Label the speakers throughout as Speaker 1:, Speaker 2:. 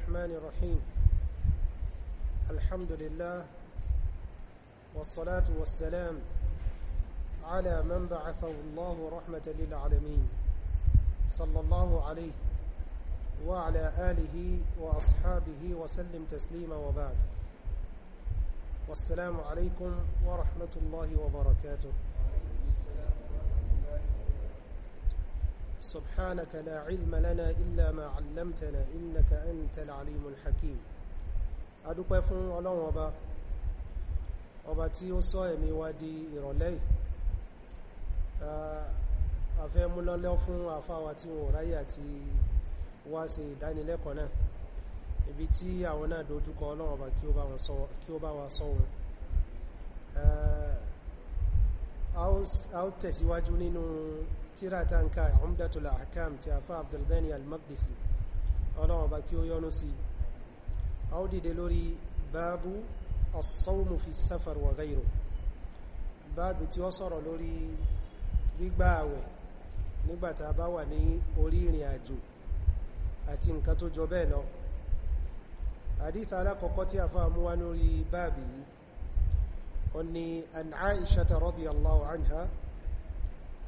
Speaker 1: الرحمن الرحيم الحمد لله والصلاة والسلام على من بعثه الله رحمة للعالمين صلى الله عليه وعلى آله وأصحابه وسلم تسليما وبعد والسلام عليكم ورحمة الله وبركاته سبحانك لا علم لنا إلا ما علمتنا إنك أنت العليم الحكيم adúpẹ́ fún ọlọ́run ọba ọba tí ó sọ ẹ̀mí wa di ìrọ̀lẹ́ àfẹ́ múlọ́lọ́ fún àfáwà tí wọ́n ráyè àti wá ṣe ìdánilẹ́kọ̀ọ́ náà ibi tí àwọn náà dojúkọ ọlọ́run ọba kí ó bá wa sọ wọn a ó tẹ̀síwájú nínú tíra ta ń ka Umdatul Ahkam ti afá Abdulgani al-Maqdisi ọlọ́wọ́ bá kí ó yọ́nú sí a ó dìde lórí báàbù as-sawmu fi safar wa ghayru báàbù tí ó sọ̀rọ̀ lórí gbígbà àwẹ̀ nígbàtà bá wà ní orí ìrìn àjò àti nǹkan tó jọ bẹ́ẹ̀ hadith alákọ̀ọ́kọ́ tí a fà mú wá lórí báàbù yìí an Aisha radiyallahu anha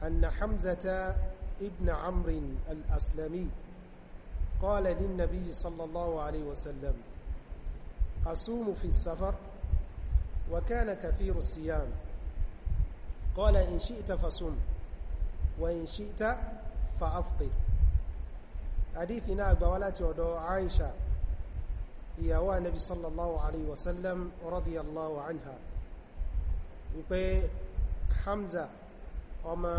Speaker 1: أن حمزة ابن عمرو الأسلمي قال للنبي صلى الله عليه وسلم أصوم في السفر وكان كثير الصيام قال إن شئت فصم وإن شئت فأفطر حديثنا أقبالات ودعو عائشة هي النبي صلى الله عليه وسلم رضي الله عنها وقال حمزة ọmọ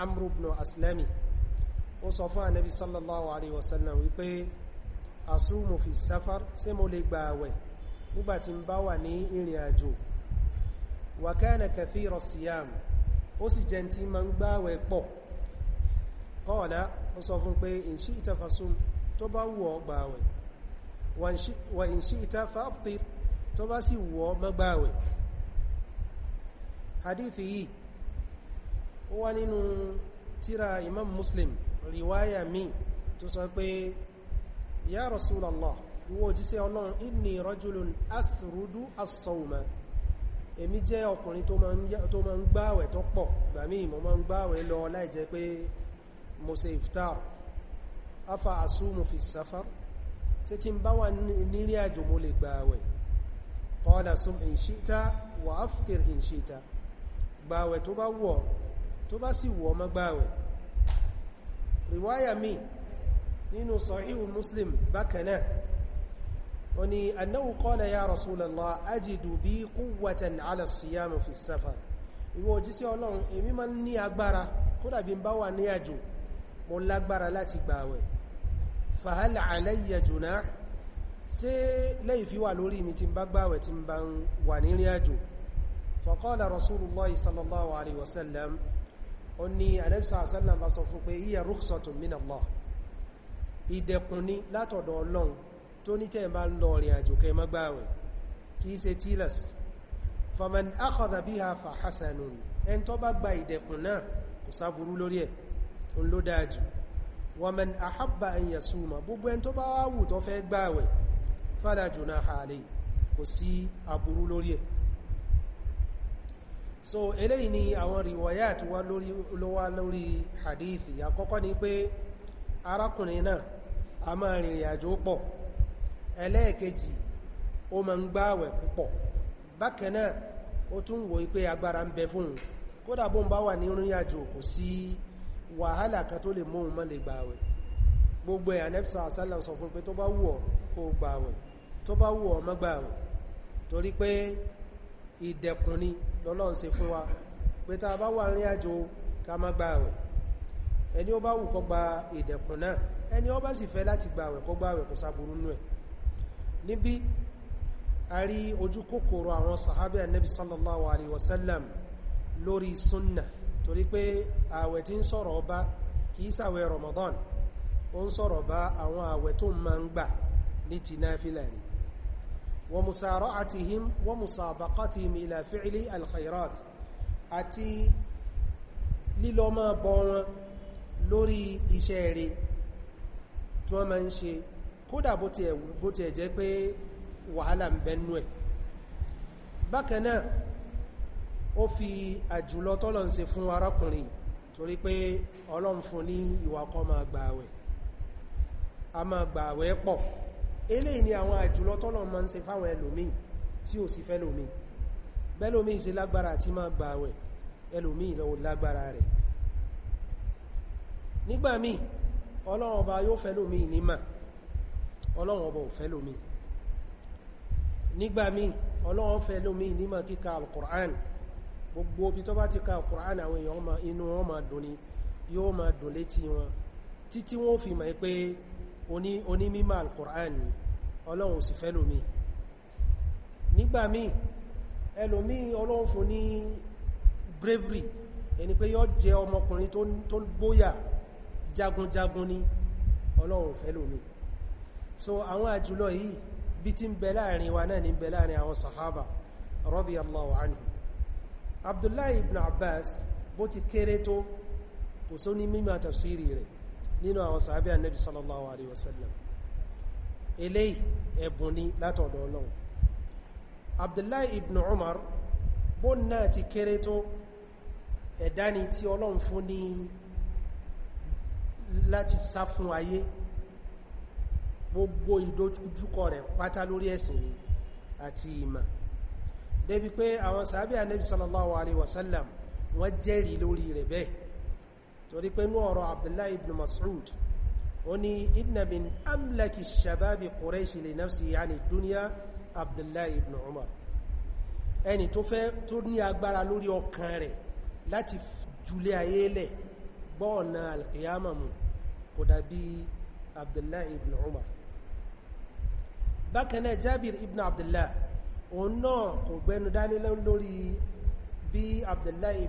Speaker 1: amrubnu aslami ó sọ fún anabi sallallahu alayhi wa sallam wípé asúmù fi sáfar ṣé mo lè gba àwẹ̀ nígbàtí n bá wà ní ìrìn àjò wa kana kathira siyam ó sì jẹ́ tí ma ń gba àwẹ̀ pọ̀ qala ó sọ fún pé in shi'ta tó bá wù gba àwẹ̀ wa in shi'ta tó bá sì wù ọ́ gba àwẹ̀ hadithi yìí ó wá nínú tíra imam muslim riwaya mi tó sọ pé ya rasulallah ìwọ òjíṣẹ́ ọlọ́run inni rajulun asrudu as-sawma èmi jẹ́ ọkùnrin tó ma ń gbáwẹ̀ tó pọ̀ gbàmí mo ma ń gbáwẹ̀ lọ láìjẹ́ pé mo ṣe iftar afa asumu fi safar tí tí ń bá wà nílé àjò mo lè gbáwẹ̀ qala sum in wa aftir in gbáwẹ̀ tó bá wọ̀ tó bá sì wọ́ má gbààwẹ̀ riwaya mi nínú sahihu muslim bákanáà وني أنه قال يا رسول الله أجد بي قوة على الصيام في السفر ìwọ jísí ọlọ́run èmi máa ń ní agbára kódà bí n bá wà ní àjò mo lágbára láti gbààwẹ̀ فهل علي جناح ṣé lẹ́yìn fi wà lórí mi tí n bá gbààwẹ̀ tí n bá wà ní ìrìn àjò فقال رسول الله صلى الله ó ní anẹ́bísà àṣẹ́lẹ̀ bá sọ fún pé iye rúksọ̀tún min Allah ìdẹ̀kùn ní látọ̀dọ̀ ọlọ́run tó ní tẹ́ bá ń lọ rìn àjò kẹ́ má gbààwẹ̀ kìí ṣe tilas faman akhadha biha fa hasanun ẹn tó bá gba ìdẹ̀kùn náà kò sáburú ẹ̀ kò sí aburú lórí ẹ̀ so eléyìí ni àwọn riwayat wá lórí ló lori lórí hadithi àkọ́kọ́ ni pé arákùnrin náà a máa rìnrìn àjò pọ̀ ẹlẹ́ẹ̀kejì ó ma ń gbáwẹ̀ púpọ̀ bákan náà ó tún wò pé agbára ń bẹ fún kódà bó ń bá wà ní si àjò kò sí wàhálà kan tó lè móhun mọ́ lè gbáwẹ̀ gbogbo ẹ̀ anẹ́bìsà sọ fún pé tó bá wù ọ́ kó gbáwẹ̀ tó bá wù ìdẹ̀kùn ni lọ́lọ́run ṣe fún wa pé tá a bá wà ní àjò ká má gba àwẹ̀ ẹni ó bá wù kó gba ìdẹ̀kùn náà ẹni ó bá sì fẹ́ láti gba àwẹ̀ kó gba àwẹ̀ kó sáburú nù ẹ̀ níbí a rí ojú kòkòrò àwọn sàhábẹ́ ànábì sallallahu alaihi wasallam sunna torí pé àwẹ̀ tí ń sọ̀rọ̀ Ramadan ó ń sọ̀rọ̀ bá àwọn àwẹ̀ tó ومسارعتهم ومسابقتهم إلى فعل الخيرات àti lílọ máa bọ wọn lórí iṣẹ́ rere tí wọ́n máa ń ṣe kódà bó ti ẹ̀ jẹ́ pé wàhálà ń bẹnú ẹ̀ bákan náà ó fi àjùlọ tọ́lọ̀ ń ṣe fún arákùnrin torí pé ọlọ́run fún ní ìwà kó máa gbààwẹ̀ a máa gbààwẹ̀ pọ̀ eléyìí ni àwọn àjùlọ tọ́lọ̀ máa ń ṣe fáwọn ẹlòmíì tí ò sì fẹ́ lòmíì bẹ́lòmíì ṣe lágbára àti máa gba àwẹ̀ ẹlòmíì lọ lágbára rẹ̀ nígbà míì ọlọ́run ọba yóò fẹ́ lòmíì ní mà ọlọ́run ọba ò fẹ́ lòmíì nígbà míì ọlọ́run fẹ́ lòmíì ní mà oní oní mímọ̀ alkùrán ni ọlọ́run sì fẹ́ lómi nígbà míì ẹlòmí ọlọ́run fún ní bravery ẹni pé yọ́ jẹ ọmọkùnrin tó gbóyà jagunjagun ni ọlọ́run fẹ́ lómi so àwọn àjùlọ yìí bí ti ń bẹ láàrin wa náà ní bẹ láàrin àwọn sahaba radiyallahu anhu abdullahi ibn abbas bó ti kéré tó kò só mímọ̀ tafsiri rẹ̀ nínú àwọn sàábẹ́ ànábì sallallahu alayhi wa sallam eléyìí ẹ̀bùn ni látọ̀dọ̀ ọlọ́run abdullahi ibn umar bó náà ti kéré tó ẹ̀dá ni tí ọlọ́run fún ní láti sá fún ayé gbogbo ìdojúkọ rẹ̀ pátá lórí ẹ̀sìn àti ìmọ̀ débi pé àwọn sàábẹ́ ànábì sallallahu alayhi wa wọ́n jẹ́rìí lórí rẹ̀ bẹ́ẹ̀ torí pé ní ọ̀rọ̀ abdullahi ibn mas'ud ó ní inna min amlaki shababi quraish li nafsi yani dunya abdullahi ibn umar ẹni tó fẹ́ tó ní agbára lórí ọkàn rẹ̀ láti julẹ̀ ayé lẹ̀ bọ́ọ̀nà alkiyama mu kò dàbí abdullahi ibn umar bákanáà jabir ibn abdullahi òun náà kò gbẹnu dání lórí bí abdullahi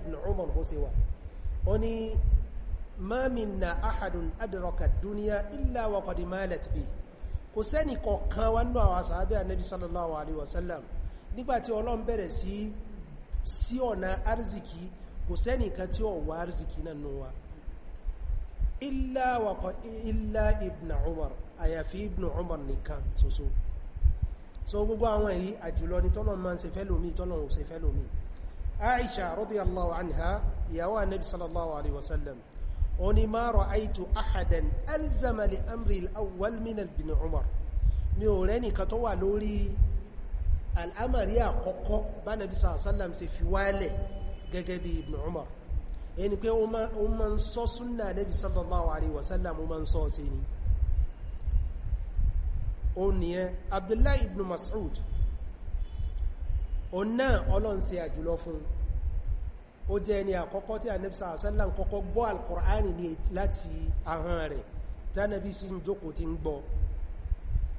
Speaker 1: ma minna ahadun adraka dunya illa wa qad malat bi kò sẹ́ni kọ̀kan wá nínú àwọn sàábẹ́ ànábì sallallahu alaihi wasallam nígbàtí ọlọ́run bẹ̀rẹ̀ sí sí ọ̀nà arziki kò sẹ́ni kan tí ó wá arziki nánú wa illa wa qad illa ibn umar àyàfi ibn umar nìkan ṣoṣo so gbogbo àwọn èyí àjùlọ ni tọ́lọ́run máa ń ṣe fẹ́ lómi tọ́lọ́run ò ṣe fẹ́ lómi aisha radiyallahu anha ìyàwó ànábì sallallahu alaihi wasallam oni ma ra'aytu ahadan alzama li amri al-awwal min ibn umar mi ò rẹ́ nìkan tó wà lórí al'amari àkọ́kọ́ bá nabi sallam ṣe fi wálẹ̀ gẹ́gẹ́ bí ibn umar ẹni pé ó ma ń sọ súnnà nabi sallallahu alaihi wasallam ó ma ń sọ sí ni ó nìyẹn eh, abdullahi ibn mas'ud ó náà ọlọ́n ṣe àjùlọ ó jẹ́ ẹni àkọ́kọ́ tí Ànábì sàásẹ́lá ń kọ́kọ́ gbọ́ alkùránì ní láti ahọ́n rẹ̀ tánàbí sí jókòó ti ń gbọ́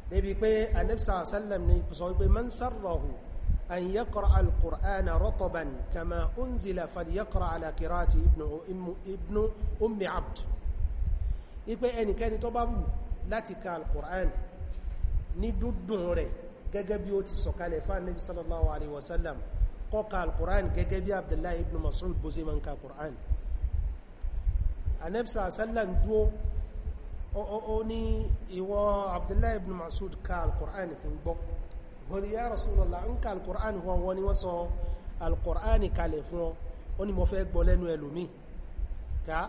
Speaker 1: níbi pé Ànábì sàásẹ́lá ní sọ wípé man sarrahu an yaqra alkùránà rataban kama unzila falyaqra ala qira'ati ibnu ummi abd ipe ẹnikẹ́ni tó bá wù ti sọ̀kalẹ̀ kọ́ka alkùrán gẹ́gẹ́ bí abdullahi ibn mas'ud bó ṣe ma ń ka alkùrán anẹ́bsa sallan dúó ó ní ìwọ abdullahi ibn mas'ud ka alkùrán kí n gbọ́ wọ́n ya rasulallah ń ka alkùrán fún wọn ni wọ́n sọ alkùrán kalẹ̀ fún ọ ó ní mo fẹ́ gbọ́ lẹ́nu ẹlòmí ká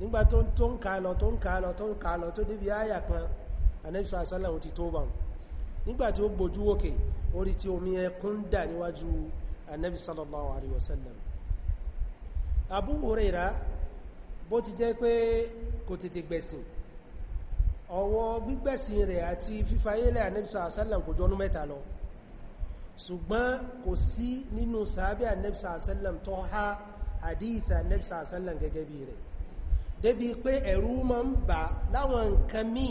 Speaker 1: nígbà tó ń ka lọ tó ń ka lọ tó ń ka lọ tó débi áyà kan anẹ́bsa sallan ti tó bá wọn nígbà tí ó gbójú òkè orí tí omi ẹkún dà níwájú anabi sallallahu alayhi wa sallam abu huraira bó ti jẹ́ pé kò tètè gbẹ̀sìn ọwọ́ gbígbẹ̀sìn rẹ̀ àti fífayélẹ̀ anabi sallallahu alayhi wa sallam kò jọnú mẹ́ta lọ ṣùgbọ́n kò sí nínú sàábí anabi sallallahu alayhi wa sallam tó há hadith anabi sallallahu alayhi wa sallam gẹ́gẹ́ bí rẹ̀ débi pé ẹ̀rú máa ń bà láwọn nǹkan míì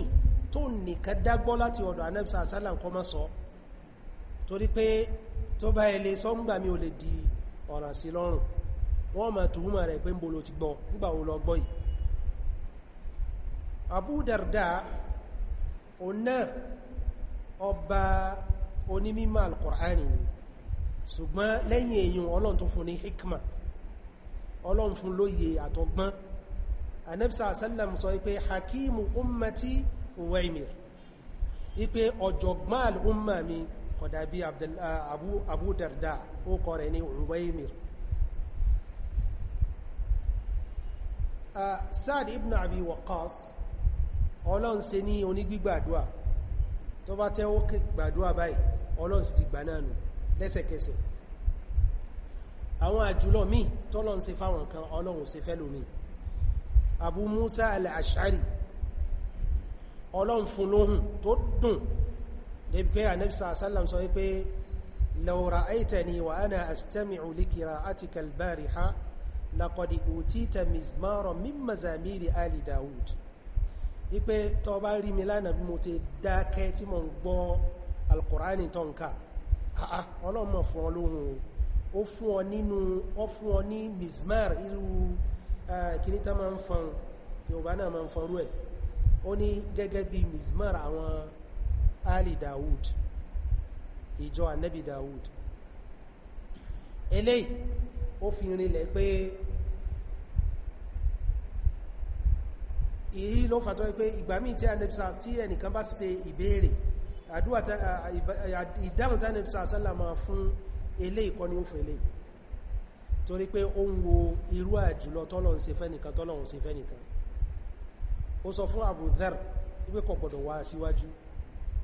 Speaker 1: tó nìkan dágbọ́ láti anabi sallallahu alayhi wa sallam kọ́ mọ́ sọ torí pé tó bá ilé sọ́ngbà mi ò lè di ọ̀ràn sí lọ́rùn wọ́n ma tuhuma rẹ̀ pé ń bolo ti gbọ́ nígbà wo lọ gbọ́ yìí Abu Darda ọ̀nà ọba onímímọ̀ al-Qur'ani ni ṣùgbọ́n lẹ́yìn èyàn ọlọ́run tó fún ní hikma ọlọ́run fún lóye àtọgbọ́n anẹ́bsa sallam sọ wípé hakimu ummati Uwaymir wípé ọ̀jọ̀gbọ́n al mi kódà bí eh, Abu Darda ó kọ rẹ̀ ní Uwaymir eh, Saad ibn Abi Waqqas ọlọ́run ṣe ní onígbígbàdúà tó bá tẹ́ ó gbàdúà báyìí ọlọ́run sì ti gbà náà nù lẹ́sẹ̀kẹsẹ̀ àwọn àjùlọ míì tọ́lọ́run ṣe fáwọn kan ọlọ́run ṣe fẹ́ lómi Abu Musa al-Ash'ari ọlọ́run fún lóhùn tó dùn débi pé anẹ́bisa asálàm sọ wípé law ra'aytani wa ana astami'u li qira'atika al-bariha laqad utita mizmara min mazamiri ali daud wípé tó bá rí mi lánàá bí mo ti dákẹ́ tí mo ń gbọ́ alkùránì tó ń ká ọlọ́mọ̀ fún ọ ali dawud ìjọ anabi dawud eléyìí ó fi rinlẹ̀ pé èyí ló fàtọ́ pé ìgbà míì tí anabisa tí ẹnìkan bá ṣe ìbéèrè ìdáhùn tí anabisa sálà máa fún eléyìí kọ́ ni ó fún eléyìí torí pé ó ń wo irú àjùlọ tọ́lọ̀n ṣe fẹ́nìkan tọ́lọ̀n ṣe fẹ́nìkan ó sọ fún Abu Dharr wípé kò gbọ́dọ̀ wá síwájú si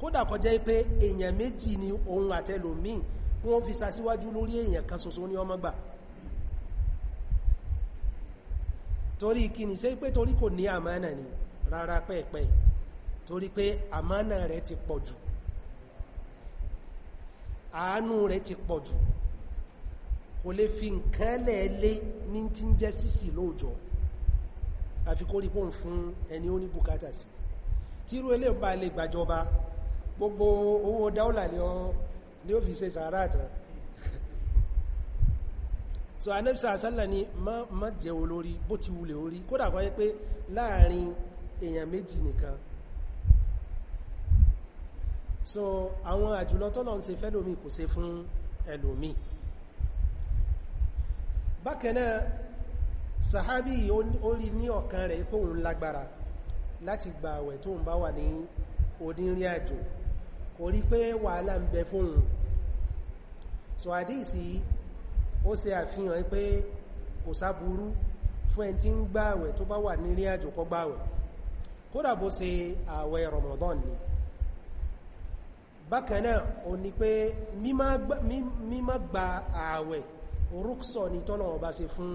Speaker 1: kódà kọjá pé èèyàn méjì ni òun àtẹlòmíì wọ́n fi sasíwájú lórí èèyàn kan ṣoṣo ní ọmọ gbà torí kíni ṣé pé torí kò ní àmánà ni rárá pẹ́ẹ̀pẹ́ torí pé àmánà rẹ̀ ti pọ̀ jù àánú rẹ̀ ti pọ̀ jù kò lè fi nǹkan lẹ́ẹ̀lẹ́ ní tí ń jẹ́ sísì lóòjọ́ àfi kó ẹni ó ní bùkátà sí tírú eléyìí bá lè gbàjọba gbogbo owó dáúlà ni ó fi ṣe sàárà tán so anẹ́bísà àṣálà ni má jẹ́ olórí bó ti wulẹ̀ orí kódà kọ́ yẹ pé láàrin èèyàn méjì nìkan so àwọn àjùlọ tọ́lọ̀ ń ṣe fẹ́lòmí kò ṣe fún ẹlòmí bákanáà sahabi orí ní ọ̀kan rẹ̀ pé òun lágbára láti gba àwẹ̀ tó ń bá wà ní onírìn àjò kò rí pé wàhálà ń bẹ fún un so àdíìsì ó ṣe àfihàn pé kò sáburú fún ẹni tí ń gbààwẹ̀ tó bá wà nírin àjò kó gbààwẹ̀ kódà bó ṣe ààwẹ̀ Ramadan ni bákanáà ó ní pé mímá gba ààwẹ̀ rúksọ ni tọ́nà ọba ṣe fún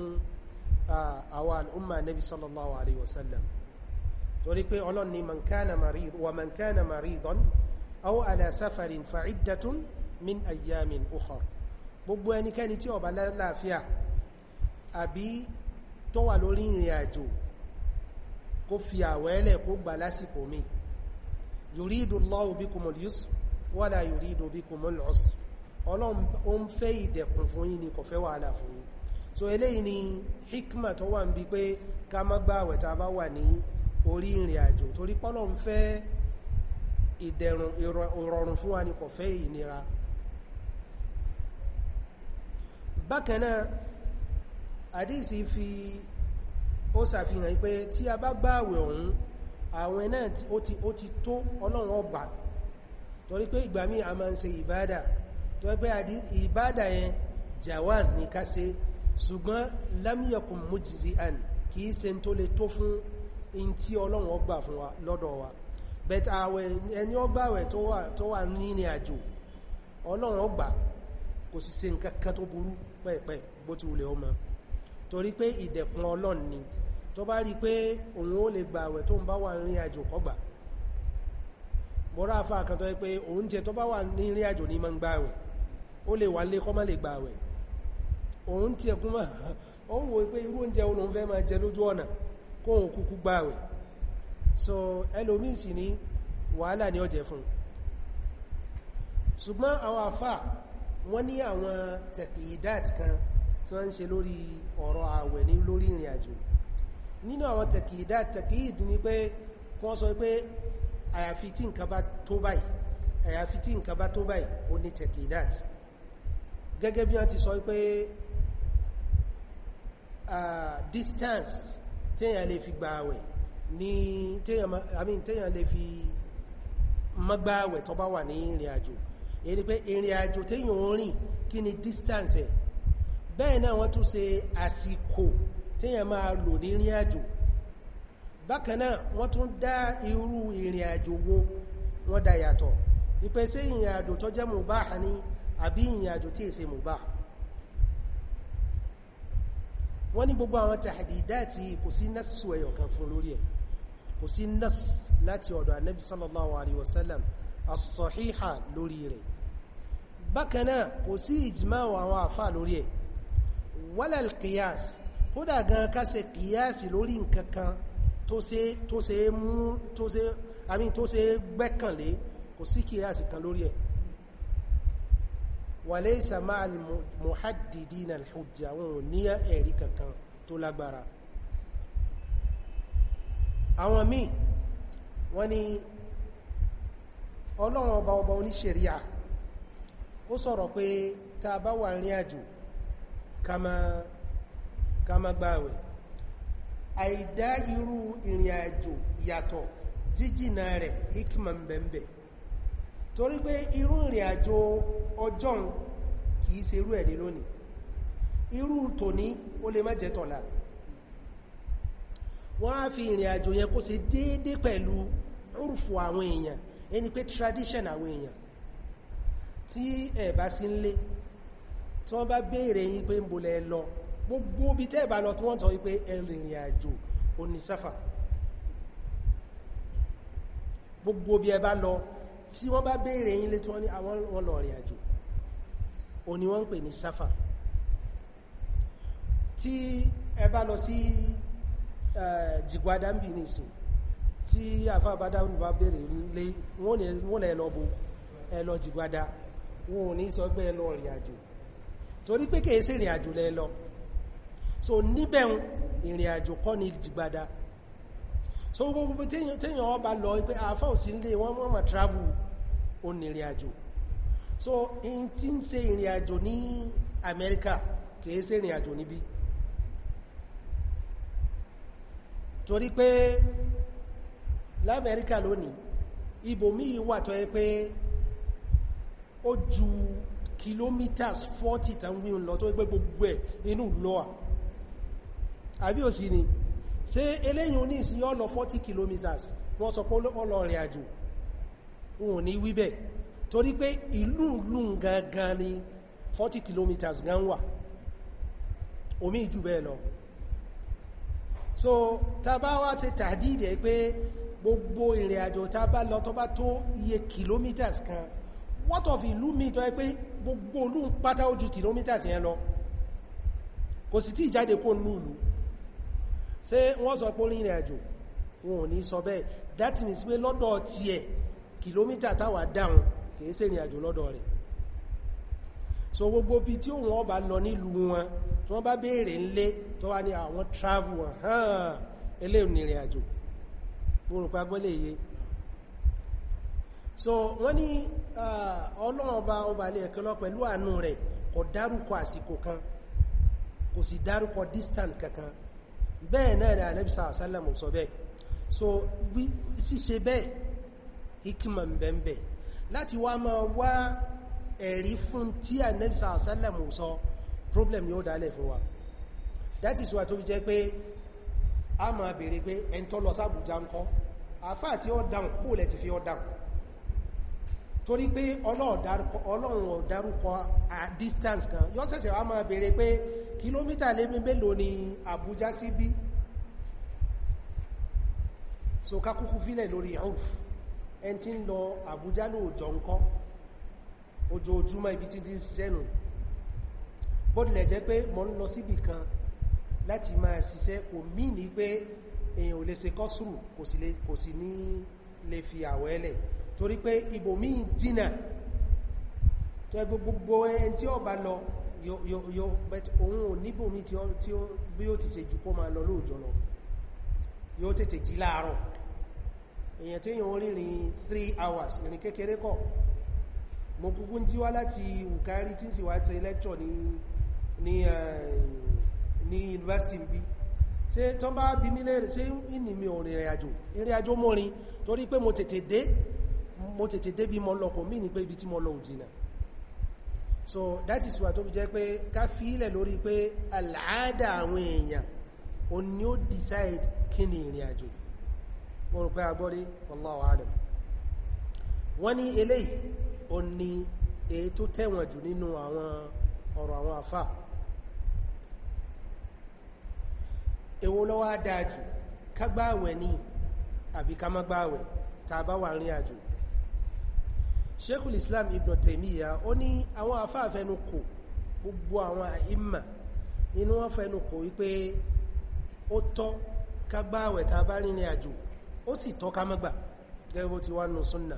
Speaker 1: àwọn al'umma nabi sallallahu alaihi wasallam torí pé ọlọ́ni wa man maridon aw على سفر fa من min ayyamin ukhar gbogbo ẹnikẹ́ni tí ó bá lálàáfíà àbí tó wà lórí ìrìn àjò kó fi àwẹ́lẹ̀ kó gbà lásìkò mi yuridu Allahu bikumul yusr wala yuridu bikumul usr ọlọ́run ó ń fẹ́ ìdẹ̀kùn fún yín ni kò fẹ́ wàhálà wà ń bi pé ìdẹ̀rùn ìrọ̀rùn fún wa ni kò fẹ́ ìnira bákanáà àdísì fi ó sàfihàn pé tí a bá gbààwẹ̀ ọ̀hún àwẹ̀ náà ó ti tó ọlọ́run ọgbà torí pé ìgbà míì a máa ń ṣe ìbádà torí pé ìbádà yẹn jawaz ní ká ṣe ṣùgbọ́n lam yakun mujzi'an kìí ṣe tó le tó fún in tí ọlọ́run ọgbà fún wa lọ́dọ̀ wa but àwẹ̀ ẹni ó gbàwẹ̀ tó wà nínú àjò ọlọ́run ó gbà kò sì ṣe nǹkan kan tó burú pẹ́ẹ̀pẹ́ bó ti wulẹ̀ ọmọ torí pé ìdẹ̀kùn ọlọ́run ni tó bá rí pé òun ó lè gbàwẹ̀ tó ń bá wà nínú àjò kó gbà bọ́rọ̀ afá kan tó yẹ pé òun tiẹ̀ tó bá wà nínú àjò ní máa gbàwẹ̀ ó lè wà lé kó lè gbàwẹ̀ òun tiẹ̀ kúmọ̀ ó ń pé irú oúnjẹ olóhun fẹ́ máa jẹ lójú ọ̀nà kóhun kúkú gbàwẹ̀ so ẹlòmí sì ní wàhálà ní ọjẹ́ fún ṣùgbọ́n àwọn àfà wọ́n ní àwọn tẹ̀kìdát kan tí wọ́n ń ṣe lórí ọ̀rọ̀ àwẹ̀ ní lórí ìrìn àjò nínú àwọn tẹ̀kìdát tẹ̀kìdì ni pé wọ́n sọ pé àyàfi tí nǹkan bá tó báyìí àyàfi tí nǹkan bá tó báyìí ó ní tẹ̀kìdát gẹ́gẹ́ bí wọ́n ti sọ pé distance téèyàn lè fi gba àwẹ̀ ní téèyàn i mean téèyàn lè fi mọ́gbàwẹ̀ tó wà ní ìrìn àjò èyí ni pé ìrìn àjò téèyàn ń kí ni distance ẹ̀ bẹ́ẹ̀ náà wọ́n tún ṣe àsìkò téèyàn máa lò ní ìrìn àjò bákan náà wọ́n tún dá irú ìrìn àjò wo wọ́n dá yàtọ̀ ìpè ṣé ìrìn àjò tó jẹ́ mubah ni àbí ìrìn àjò tí èsè mubah wọ́n ní gbogbo àwọn tàdídá àti kò sí nẹ́sù ẹ̀yọ̀ fún lórí ẹ̀ kò sí nas láti ọ̀dọ̀ anabi sallallahu alaihi wasallam as-sahiha lórí rẹ̀ bákan náà kò sí ijma àwọn àfà lórí ẹ̀ wala al-qiyas kódà gan ká ṣe qiyas lórí nǹkankan tó ṣe tó ṣe mú tó ṣe àmì tó ṣe gbẹ́kànlé kò sí qiyas kan lórí ẹ̀ walaysa ma'al muhaddidina al-hujja wọn ò ní ẹ̀rí kankan tó lágbára àwọn míì wọ́n ni ọlọ́run ọba ọba oníṣẹ̀ríà ó sọ̀rọ̀ pé tá bá wà ní àjò gbaa àìdá irú ìrìn àjò yàtọ̀ jíjìnà rẹ̀ hikima mbẹ̀mbẹ̀ torí pé irú ìrìn àjò ọjọ́un kìí se irú ẹ̀dẹ̀ lónìí irú tòní ó lè má jẹ́ tọ̀la wọ́n á fi ìrìn àjò yẹn kó ṣe déédé pẹ̀lú rúfù àwọn èèyàn ẹni pé tradition àwọn èèyàn tí ẹ̀ bá sí ń lé tí wọ́n bá béèrè yín pé ń bolẹ̀ lọ gbogbo ibi tẹ́ ẹ̀ bá lọ tí wọ́n tọ́ wípé ẹ̀ rìnrìn àjò onísáfà gbogbo bí ẹ bá lọ tí wọ́n bá béèrè yín lé tí wọ́n lọ rìn àjò òní wọ́n pè ní sáfà tí ẹ lọ sí Eh, jìgbádá ń bì ní ìsìn tí àfá àbádá ń bá bèèrè lé wọ́n lè lọ bó ẹlọ jìgbádá wọn ò ní sọ pé ẹlọ ìrìnàjò torí pé kèé sí ìrìnàjò lẹ lọ so níbẹ̀ ìrìnàjò kọ́ ni jìgbádá so gbogbo téèyàn ọba lọ pé àfá ò sí nílé wọ́n mọ̀ travel ó ní ìrìnàjò so in ti ń ṣe ìrìnàjò ní Amẹ́ríkà kèé sí ìrìnàjò níbí torí pé lamẹ́ríkà lónìí ibòmíì wà tó yẹ pé ó ju kilometers 40 tàn wíhun lọ tó gbé gbogbo ẹ̀ inú lọ́wà àbí ò sí ni ṣe eléyìn ní ìsìn yọ́ 40 kilometers wọ́n sọ pé ọlọ́ rìn àjò wọn ní wíbẹ̀ torí pé ìlú ìlú gangan ni 40 kilometers gan wà omi jù bẹ́ẹ̀ lọ so tàbá wá ṣe tàdídẹ̀ pé gbogbo ìrìn àjò tàbá lọ tó bá tó iye kilometers kan what of ìlú mi tó yẹ pé gbogbo olú ń pátá ojú kilometers yẹn lọ kò sì tí ìjáde kó nú ìlú ṣé wọ́n sọ pé ìrìn àjò wọn ò ní sọ bẹ́ẹ̀ that means pé lọ́dọ̀ tiẹ̀ kìlómítà táwà dáhùn kìí ṣe ìrìn àjò lọ́dọ̀ rẹ̀ so gbogbo bí tí òun ọba lọ nílùú wọn tí wọ́n bá béèrè ńlé tó wá ní àwọn travel wọn hàn eléyìí nìrìn àjò gbòròpá gbọ́lẹ̀ yé so wọ́n ní ọlọ́run ọba ọba ilẹ̀ ẹ̀kan lọ pẹ̀lú àánú rẹ̀ kò dárúkọ àsìkò kan kò sì dárúkọ distance kankan bẹ́ẹ̀ náà ni Ànábì sallam sọ bẹ́ẹ̀ so bí ṣíṣe bẹ́ẹ̀ hikima ń bẹ ń bẹ láti wá máa wá ẹ̀rí fún tí Ànábì sallam sọ problem yóò dálẹ̀ fún wa that is why tó fi jẹ́ pé a máa béèrè pé ẹn tó lọ sábùjá ń kọ́ àfáà tí ó dáhùn kó lẹ̀ ti fi ó dáhùn torí pé ọlọ́run ọ̀dárúkọ a distance kan yọ́ sẹ̀sẹ̀ wá máa béèrè pé kìlómítà lé mi mélòó ni Àbújá sí bí so kákúkú fílẹ̀ lórí urf ẹn tí ń lọ Àbújá lóòjọ́ ń kọ́ ojoojúmọ́ ibi tí ti ń sẹ́nu bóòdìlẹ̀ jẹ́ pé mo ń lọ síbì kan láti máa ṣiṣẹ́ kò mí ní pé èèyàn ò lè ṣe kọ́sùrù kò sì ní lè fi àwọ̀ ẹlẹ̀ torí pé ibòmí jìnà tó ẹgbẹ́ gbogbo ẹni tí ó bá lọ yóò 3 hours ìrìn kékeré kọ́ mo kúkú ń jíwá láti wùkárí tí sì wá tẹ lẹ́kṣọ̀ ní ní university bí ṣe tán bá bí mílẹ̀ rẹ̀ ṣe ìní mi ò rìnrìn àjò ìrìn àjò mọ́rin torí pé mo tètè dé mo tètè dé bí mo lọ mí ní pé ibi tí mo lọ ò so that is why tó fi jẹ́ pé ká fi ilẹ̀ lórí pé àlàádà àwọn èèyàn o ni ó decide kí ni ìrìn àjò mo rò pé agbọ́rí wọ́n ní eléyìí ó ní èyí tó tẹ̀wọ̀n jù nínú àwọn ọ̀rọ̀ àwọn àfà èwo ló wá dáa jù ká gbààwẹ̀ ni àbí ká má gbààwẹ̀ tá wà rìn àjò Sheikhul Islam Ibn Taymiyyah ó ní àwọn àfà fẹnu kò gbogbo àwọn àìmà inú wọn fẹnu kò wípé ó tọ́ ká gbààwẹ̀ tá a bá rìnrìn àjò ó sì tọ́ ká má ti wá nù súnnà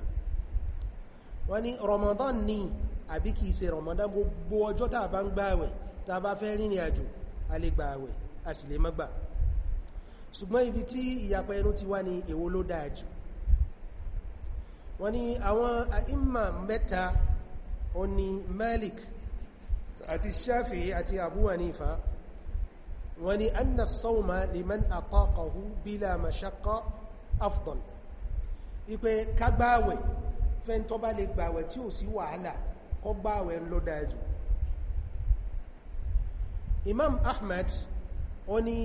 Speaker 1: wọ́n ní Ramadan ní àbí kìí ṣe Ramadan gbogbo ọjọ́ tàà bá ń gbààwẹ̀ tàà bá fẹ́ rìnrìn àjò a lè gbààwẹ̀ a sì lè má gbà ṣùgbọ́n ibi tí ìyapa ẹnu ti wá ní èwo ló dáa jù wọ́n ní àwọn àìmà mẹ́ta ó ní Malik àti Shafi'i àti Abu Hanifa wọ́n ní anna sawma liman ataqahu bila mashaqqa afdal ipe kágbààwẹ̀ fẹ́ntọ́ bá lè gbàwẹ̀ tí ò sí wàhálà kọ́ gbàwẹ̀ ń lọ dájú Imam Ahmad ó ní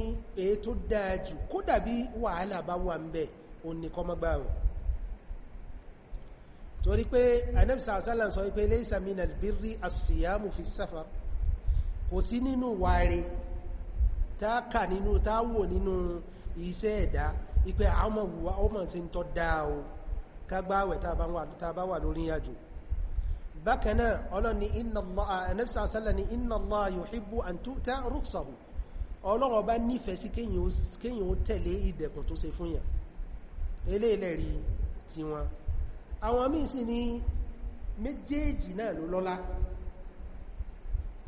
Speaker 1: èyí tó dájú kó dàbí wàhálà bá wà ń bẹ̀ ó ní kọ́ mọ́ gbàwẹ̀ torí pé anẹ́bìsà àṣálà sọ wípé laysa minal birri as fi safar kò sí nínú wàre tá kà nínú tá wò nínú iṣẹ́ ẹ̀dá ipẹ́ àwọn ọmọ wùwá ọmọ sí dáa o ká gbààwẹ̀ tá a bá wà lórí ìrìnàjò bákanáà ọlọ́run ni inna Allaha anẹ́bísà sálẹ̀ ni inna Allaha yuhibbu an tu'ta rukhsahu ọlọ́run ọba nífẹ̀ẹ́ sí kéyìn ó tẹ̀lé ìdẹ̀kùn tó ṣe fún yàn eléèlẹ̀rí tí wọn àwọn míì sì ní méjèèjì náà ló lọ́lá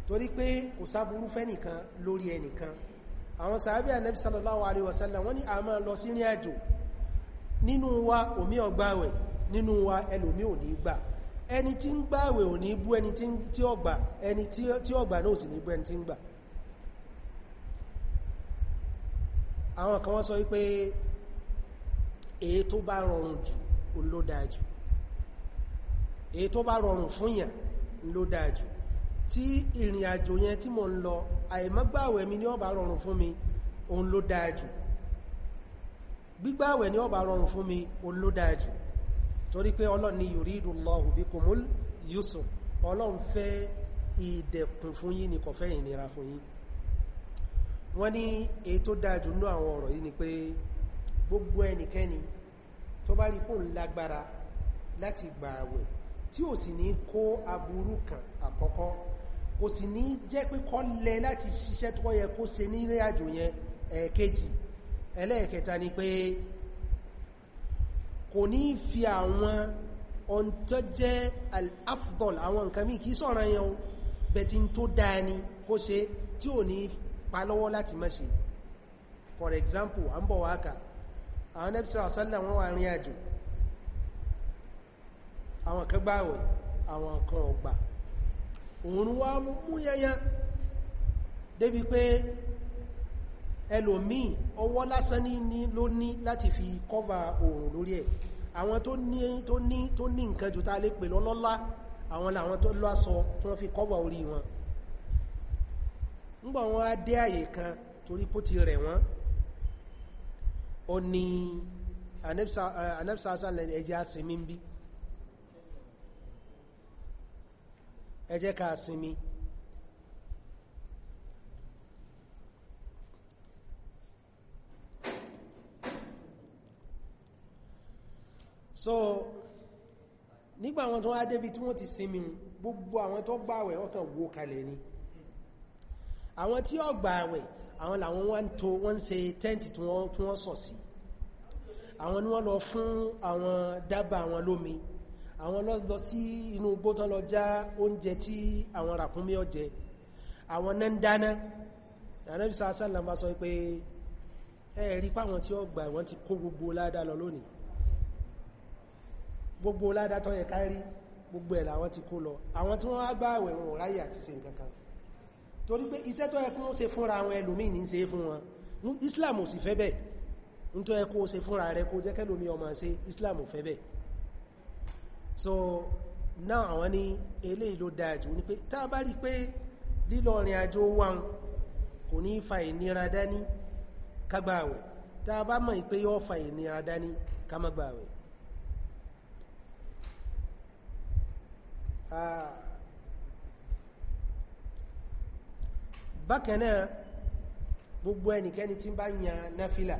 Speaker 1: torí pé kò sáburú fẹ́nìkan nínú wa omi ọgbàwẹ̀ nínú wa ẹlòmí ò ní gbà ẹni tí ń gbàwẹ̀ ò ní bú ẹni tí ọgbà ẹni tí ọgbà náà sì ní bú ẹni tí ń gbà àwọn kan wọ́n sọ wípé èyí tó bá rọrùn jù ló dáa jù èyí tó bá rọrùn fún yàn ló dáa jù tí ìrìn àjò yẹn tí mo ń lọ àìmọ́gbàwẹ̀ mi ní ó gbígbàwẹ̀ ni ó bá rọrùn fún mi olódájú torí pé ọlọ́ni yuridu Allahu bikumul yusr ọlọ́run fẹ́ ìdẹ̀kùn fún yín ni kò fẹ́ ìnira fún yín wọ́n ní èyí tó dájú ní àwọn ọ̀rọ̀ yìí ni pé gbogbo ẹnikẹ́ni tó bá rí kóhùn lágbára láti gba àwẹ̀ tí ò sì ní kó aburú kan àkọ́kọ́ kò sì ní jẹ́ pé kó lẹ láti ṣiṣẹ́ tó yẹ kó ṣe ní ìrìn àjò yẹn ẹ̀ẹ̀kejì eh, ẹlẹ́ẹ̀kẹta ni pé kò ní fi àwọn ohun tó jẹ́ al-afdol àwọn nǹkan mí kìí sọ̀rọ̀ yẹn o bẹ̀tí tó dáa ni kó ṣe tí ò ní pa lọ́wọ́ láti má ṣe for example à ń bọ̀ wá kà àwọn nẹ́bísà ọ̀sánlá wọn wà rìn àjò àwọn kan gbààwẹ̀ àwọn ẹlòmíì ọwọ́ lásán ní ló ní láti fi kọ́va oòrùn lórí ẹ̀ àwọn tó ní tó ní tó ní nǹkan jù tá a lè pè lọ́lọ́lá àwọn làwọn tó lọ́ aṣọ tí wọ́n fi kọ́va orí wọn ńgbà wọn á dé àyè kan torí pó ti rẹ̀ wọ́n ó ní anẹ́bísàásà ẹjẹ́ àsinmi ń bí ẹjẹ́ ká sinmi. so nígbà àwọn tó wá débi tí wọ́n ti sinmi gbogbo àwọn tó gbàwẹ̀ wọ́n wó kalẹ̀ ni àwọn tí ó gbàwẹ̀ àwọn làwọn wọ́n tó wọ́n ń ṣe tẹ́ǹtì tí wọ́n sọ̀ sí àwọn ni wọ́n lọ fún àwọn dábàá àwọn lómi àwọn lọ lọ sí inú igbó tán lọ já oúnjẹ tí àwọn ràkúnmí ó jẹ àwọn náà ń dáná ànábì sallallahu alaihi wasallam sọ pé ẹ̀ẹ̀rí páwọn tí ó gbà wọ́n ti kó gbogbo ládá lọ lónìí gbogbo ládàtọ̀ yẹ kárí gbogbo ẹ̀ làwọn ti kó lọ àwọn tí wọ́n á gbá àwẹ̀ wọn ráyè àti ṣe nǹkan kan torí pé iṣẹ́ tó yẹ kí wọ́n ṣe fúnra àwọn ẹlòmíì ní ṣe fún wọn Islam ò sì fẹ́ bẹ́ẹ̀ ní tó yẹ kó ṣe fúnra rẹ kó jẹ́ kẹ́lòmí ọmọ ṣe Islam fẹ́ bẹ́ẹ̀ so náà àwọn ní eléyìí ló dáa jù ní pé tá a bá rí pé lílọ ìrìn àjò wọn kò ní fa ìnira dání kágbàwẹ̀ tá a bá mọ̀ pé yóò fa ìnira dání kámágbàwẹ̀ bákan náà gbogbo ẹnikẹ́ni tí bá yan náfílà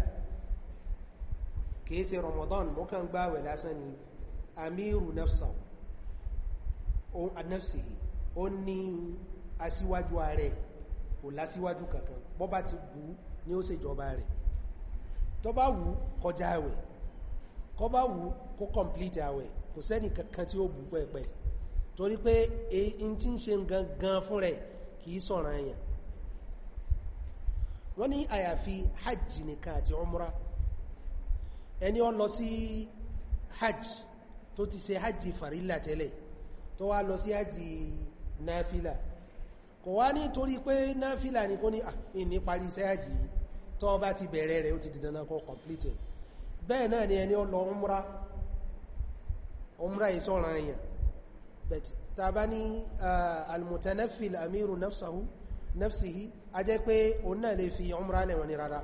Speaker 1: kìí ṣe Ramadan mọ́ kàn gbáwẹ̀ lásán ni amiru nafsa òun anafsi ó ní asíwájú ààrẹ kò lásíwájú kankan bọ́ bá ti bú ní ó ṣèjọba rẹ̀ tó bá wù kọjá àwẹ̀ kó bá wù kó complete àwẹ̀ kò sẹ́ni kankan tí ó bú pẹ́ẹ̀pẹ́ẹ̀ torí pé èyí e, tí ń ṣe gangan fún rẹ̀ kìí sọ̀rọ̀ èèyàn wọ́n ní àyàfi hajj nìkan àti umra ẹni ó lọ sí hajj tó ti ṣe hajj farilla tẹ́lẹ̀ tó wá lọ sí hajj náfílà kò wá ní torí pé náfílà ní kó ní ìní parí iṣẹ́ hajj tó bá ti bẹ̀rẹ̀ rẹ̀ ó ti dandan kó complete bẹ́ẹ̀ náà ni ẹni ó lọ umra umra ìsọ̀rọ̀ èèyàn but tàbá ní uh, almutanafil amiru nafsahu nafsihi a jẹ́ pé òun náà lè fi umra lẹ́wọ̀n ní rárá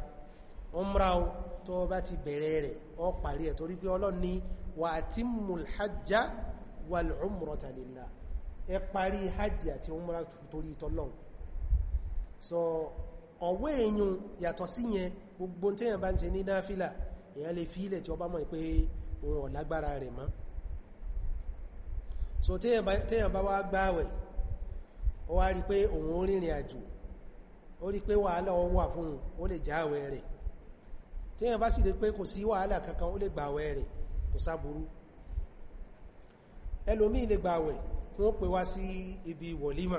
Speaker 1: umra o tó bá ti bẹ̀rẹ̀ rẹ̀ ọ parí ẹ̀ e, torí pé ọlọ́run ní wa atimul hajja wal umrata lillah ẹ e parí hajj àti umra torí tọ́lọ́run so ọ̀wọ́ èèyàn yàtọ̀ sí yẹn gbogbo tẹ́yàn bá ń ṣe ní náfílà èèyàn lè fi ilẹ̀ tí ó bá mọ̀ pé òun ò lágbára rẹ̀ so téèyàn bá wá gbáwẹ̀ ó wá rí pé òun rìnrìn àjò ó rí pé wàhálà ó wà fún un ó lè jáwẹ̀ rẹ̀ téèyàn bá sì rí pé kò sí wàhálà kankan ó lè gbàwẹ̀ rẹ̀ kò sáburú ẹlòmíì lè gbàwẹ̀ kún ó pè wá sí ibi wọ̀límà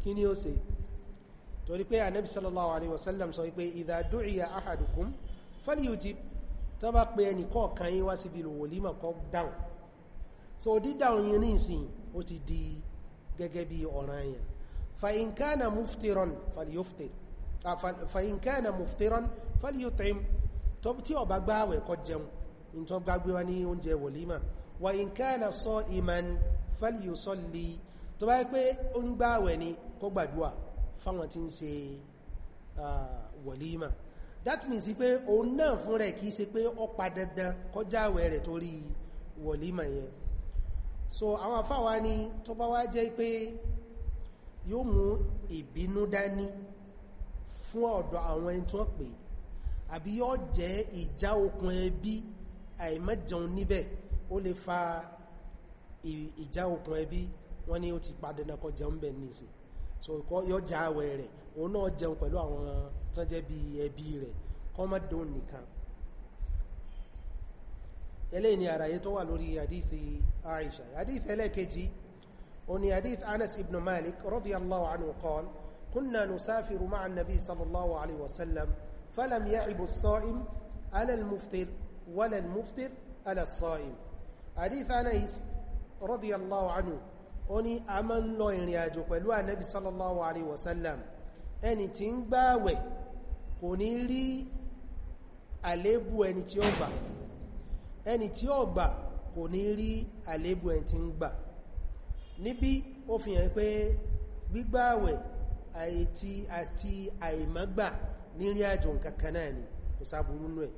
Speaker 1: kí ni ó ṣe torí pé anabi sallallahu alayhi wa sọ so dídá oyin ní ìsìn ó ti di gẹ́gẹ́ bí ọ̀ràn èèyàn fa'in kana muftiran falyuftir fa'in kana muftiran falyut'im tó tí ó bá gbààwẹ̀ kó jẹun in tó gbàgbé wá ní oúnjẹ wòlímà wa in kana sa'iman falyusalli tó bá pé ó ń gbààwẹ̀ ni kó gbàdúà fáwọn tí ń ṣe wòlímà that means pé òun náà fún rẹ̀ kìí ṣe pé ó pa dandan kó rẹ̀ torí wòlímà yẹn so àwọn afáwa ni tó bá wá jẹ́ pé yóò mú ìbínú dání fún ọ̀dọ̀ àwọn ẹni tó pè àbí yóò jẹ́ ìjà okùn ẹbí àìmọ́jẹun níbẹ̀ ó lè fa ìjà okùn ẹbí wọ́n ní ó ti padànà jẹun bẹ̀ nìsìn so yóò já àwẹ̀ rẹ̀ òun náà jẹun pẹ̀lú àwọn tó bí ẹbí rẹ̀ kọ́mọ́dún nìkan eléyìí ni àràyé tó wà lórí hadithi aisha hadith ẹlẹ́kejì ó ní hadith anas ibn malik radiyallahu anhu qala kunna nusafiru ma'a an-nabi sallallahu alayhi wa sallam falam ya'ibu as-sa'im ala al-muftir wala al-muftir ala as-sa'im hadith anas radiyallahu anhu ó ní a máa ń lọ ìrìn àjò pẹ̀lú ànábì sallallahu alayhi wa ẹni tí ń gbààwẹ̀ kò ní rí àléébù ẹni tí ó gbà ẹni tí ó gbà kò ní rí àlébù ẹni tí ń gbà níbi ó fi hàn pé gbígbààwẹ̀ àti àti àìmọ́gbà nírí àjò nǹkankan náà ni kò sáburú nú ẹ̀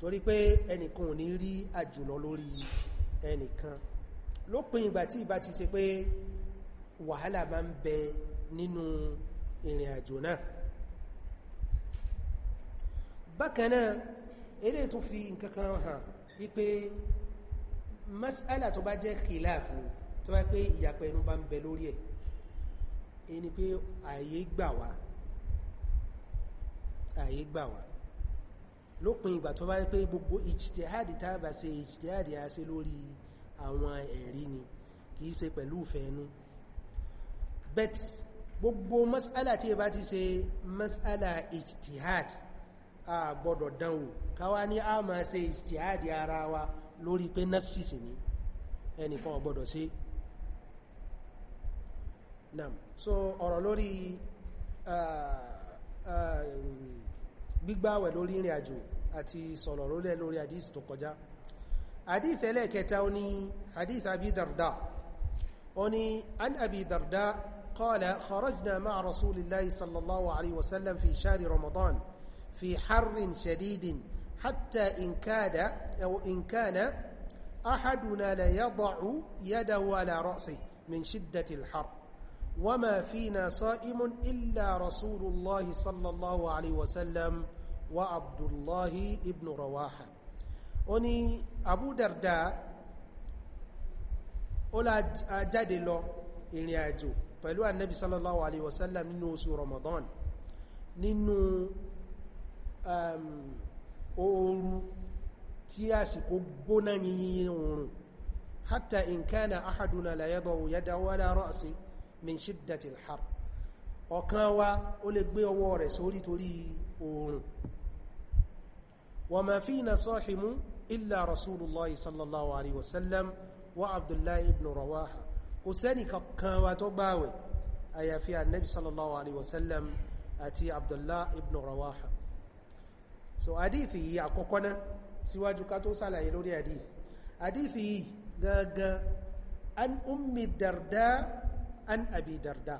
Speaker 1: torí pé ẹnìkan ò ní rí àjùlọ lórí ẹnìkan lópin ìgbà tí ìbá ti ṣe pé wàhálà bá ń bẹ nínú ìrìn àjò náà bákan náà eré tún fi nǹkankan hàn wípé masala tó bá jẹ́ khilaf ni tó bá pé ìyàpẹ̀ inú bá ń bẹ lórí ẹ̀ ẹni pé ààyè gbà wá ààyè gbà wá lópin ìgbà tó bá pé gbogbo ìjìtìhádì tá a bá ṣe ìjìtìhádì lórí àwọn ẹ̀rí ni kì í ṣe pẹ̀lú ìfẹ́ inú bet gbogbo masala tí ẹ bá ti ṣe masala ìjìtìhádì a gbọ́dọ̀ dán wò káwá ní a máa ṣe ìṣìáàdì ara wa lórí pé nọ́ọ̀sìsì ni ẹnìkan gbọ́dọ̀ ṣe nam so ọ̀rọ̀ lórí gbígbàwẹ̀ lórí ìrìn àjò àti sọ̀rọ̀ lórí lórí hadith tó kọjá hadith ẹlẹ́ẹ̀kẹta ó ní hadith abi ó ní an abi darda qala kharajna ma'a rasulillahi sallallahu fi shahri ramadan في حر شديد حتى إن كاد أو إن كان أحدنا لا يضع يده على رأسه من شدة الحر وما فينا صائم إلا رسول الله صلى الله عليه وسلم وعبد الله ابن رواحة أني أبو درداء أولا أجاد له إني أجو فلو النبي صلى الله عليه وسلم nínú رمضان ننو ooru tí àsìkò gbóná yìnyín oòrùn hatta in kana ahaduna la yadau yadahu ala ra'si min shiddati al-har ọ̀kan wa ó lè gbé ọwọ́ rẹ̀ sórí torí oòrùn wa ma fina sahimu illa rasulullahi sallallahu alaihi wasallam wa abdullahi ibn rawaha kò sẹ́ni kankan wa tó gbáwẹ̀ àyàfi annabi sallallahu alaihi wasallam àti abdullahi ibn rawaha so hadith yìí àkọ́kọ́ náà síwájú ká tó sàlàyé lórí hadith hadith yìí gangan an ummi darda an abi darda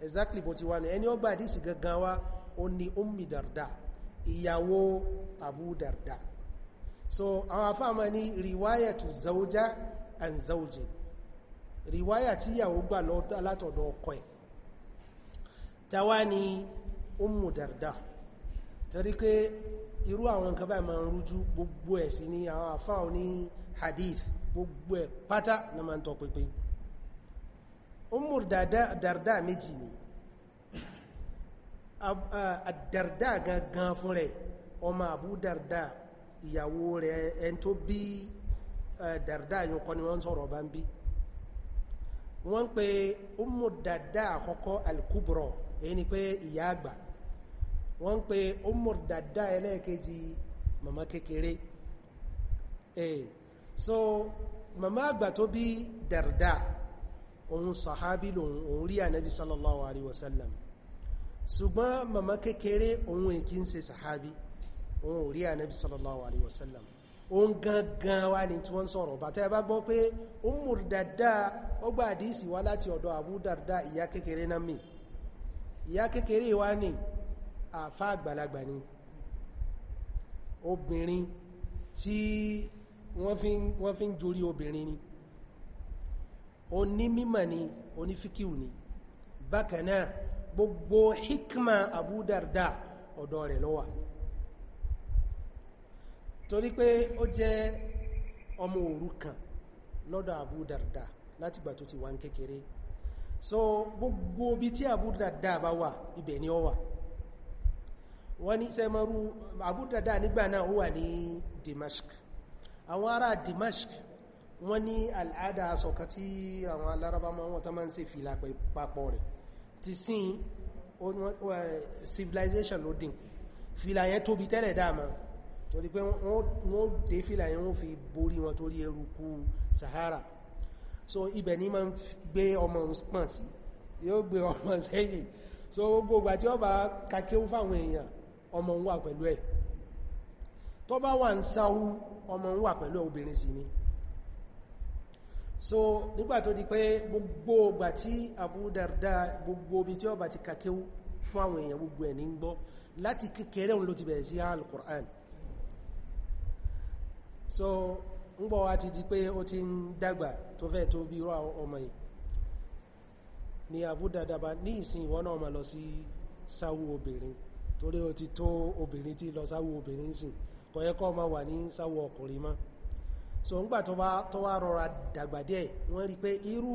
Speaker 1: exactly bó ti wà ní ẹni ó gba hadith gangan wá ó ní ummi darda ìyàwó abu darda so àwọn afáàmà ní riwayatu zawja an zawjin riwaya tí ìyàwó gbà látọ̀dọ̀ ọkọ ẹ̀ tàwa ni ummu darda torí pé irú àwọn nǹkan báyìí máa ń rújú gbogbo ẹ̀ sí ní àwọn àfáà ní hadith gbogbo ẹ̀ pátá na máa ń tọ pínpín Ummu Darda méjì ni eh, Darda gangan fún rẹ̀ ọmọ Abu Darda ìyàwó rẹ̀ ẹn tó bí eh, Darda yìí ni wọ́n sọ̀rọ̀ bá ń bí wọ́n pe Ummu àkọ́kọ́ al èyí ni pé ìyá àgbà wọ́n ń pe umar dada ẹlẹ́ẹ̀kejì mama kékeré eh so mama àgbà tó bí darda òun sahabi lòun òun rí ànábi sallallahu alaihi wasallam ṣùgbọ́n mama kékeré òun èkí ń sahabi òun ò rí sallallahu alaihi wasallam òun gangan wá ní tí wọ́n sọ̀rọ̀ bàtà ẹ bá gbọ́ pé umar dada ó gba àdísì wá láti ọ̀dọ̀ abu darda ìyá kékeré náà mi ìyá kékeré wá ní àfá àgbàlagbà ni obìnrin tí wọ́n fi ń jorí obìnrin ni onímímọ̀ ni onífíkíù ni bákanáà gbogbo hikma Abu Darda ọ̀dọ̀ rẹ̀ lọ́wà torí pé ó jẹ́ ọmọ òrukàn lọ́dọ̀ Abu Darda láti gbà tó ti wà ń kékeré so gbogbo bí tí Abu Darda bá wà ibẹ̀ ni ó wà wọ́n ní sẹ́mọ́rú Abu Darda nígbà náà ó wà ní Dimashq àwọn ará Dimashq wọ́n ní al'ada sọ̀kan tí àwọn aláraba ma wọ́n tán máa ń ṣe fìlà papọ̀ rẹ̀ ti sin civilization ló dín fìlà yẹn tóbi tẹ́lẹ̀ dáàmà torí pé wọ́n dé fìlà yẹn wọ́n fi borí wọn torí eruku Sahara so ibẹ̀ ní máa ń gbé ọmọ pọ̀n sí sẹ́yìn so gbogbo àti ọba kakẹ́ fáwọn èèyàn ọmọ ń wà pẹ̀lú ẹ̀ tó bá wà ń sáwú ọmọ ń wà pẹ̀lú obìnrin sí ni so nígbà tó di pé gbogbo ọgbà tí Abu Darda gbogbo omi tí ó bá ti kàkéwú fún àwọn èèyàn gbogbo ẹ̀ ní gbọ́ láti kékeré òun ló ti bẹ̀rẹ̀ sí al-Qur'an so ń bọ̀ wá ti di pé ó ti ń dàgbà tó fẹ́ tó bí rọ ọmọ yìí ni Abu Darda bá ní ìsìn ìwọ náà ma lọ sí sáwú obìnrin torí o ti tó obìnrin tí lọ sáwọ obìnrin sìn kò yẹ kó máa wà ní sáwọ ọkùnrin mọ́ so ńgbà tó wá tó wá rọra dàgbà díẹ̀ wọ́n rí pé irú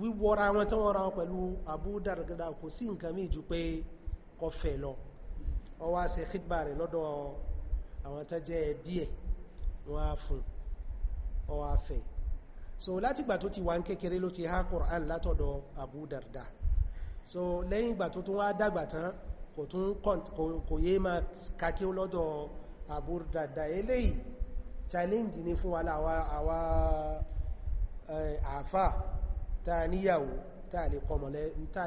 Speaker 1: wíwọra wọn tí wọ́n ra wọn pẹ̀lú abúdàdàgbà kò sí nǹkan míì ju pé kó fẹ́ lọ ó wá ṣe khidba rẹ̀ lọ́dọ̀ àwọn tó jẹ́ ẹbí ẹ̀ wọ́n á fún ó wá fẹ́ so látìgbà tó ti wà ń kékeré ló ti há Qur'an látọ̀dọ̀ Abu Darda so lẹ́yìn ìgbà tó tún wá dàgbà tán kò tún kò yé máa kakí lọ́dọ̀ àbúrúdàdà eléyìí challenge ni fún wa àwa àfà tá níyàwó tá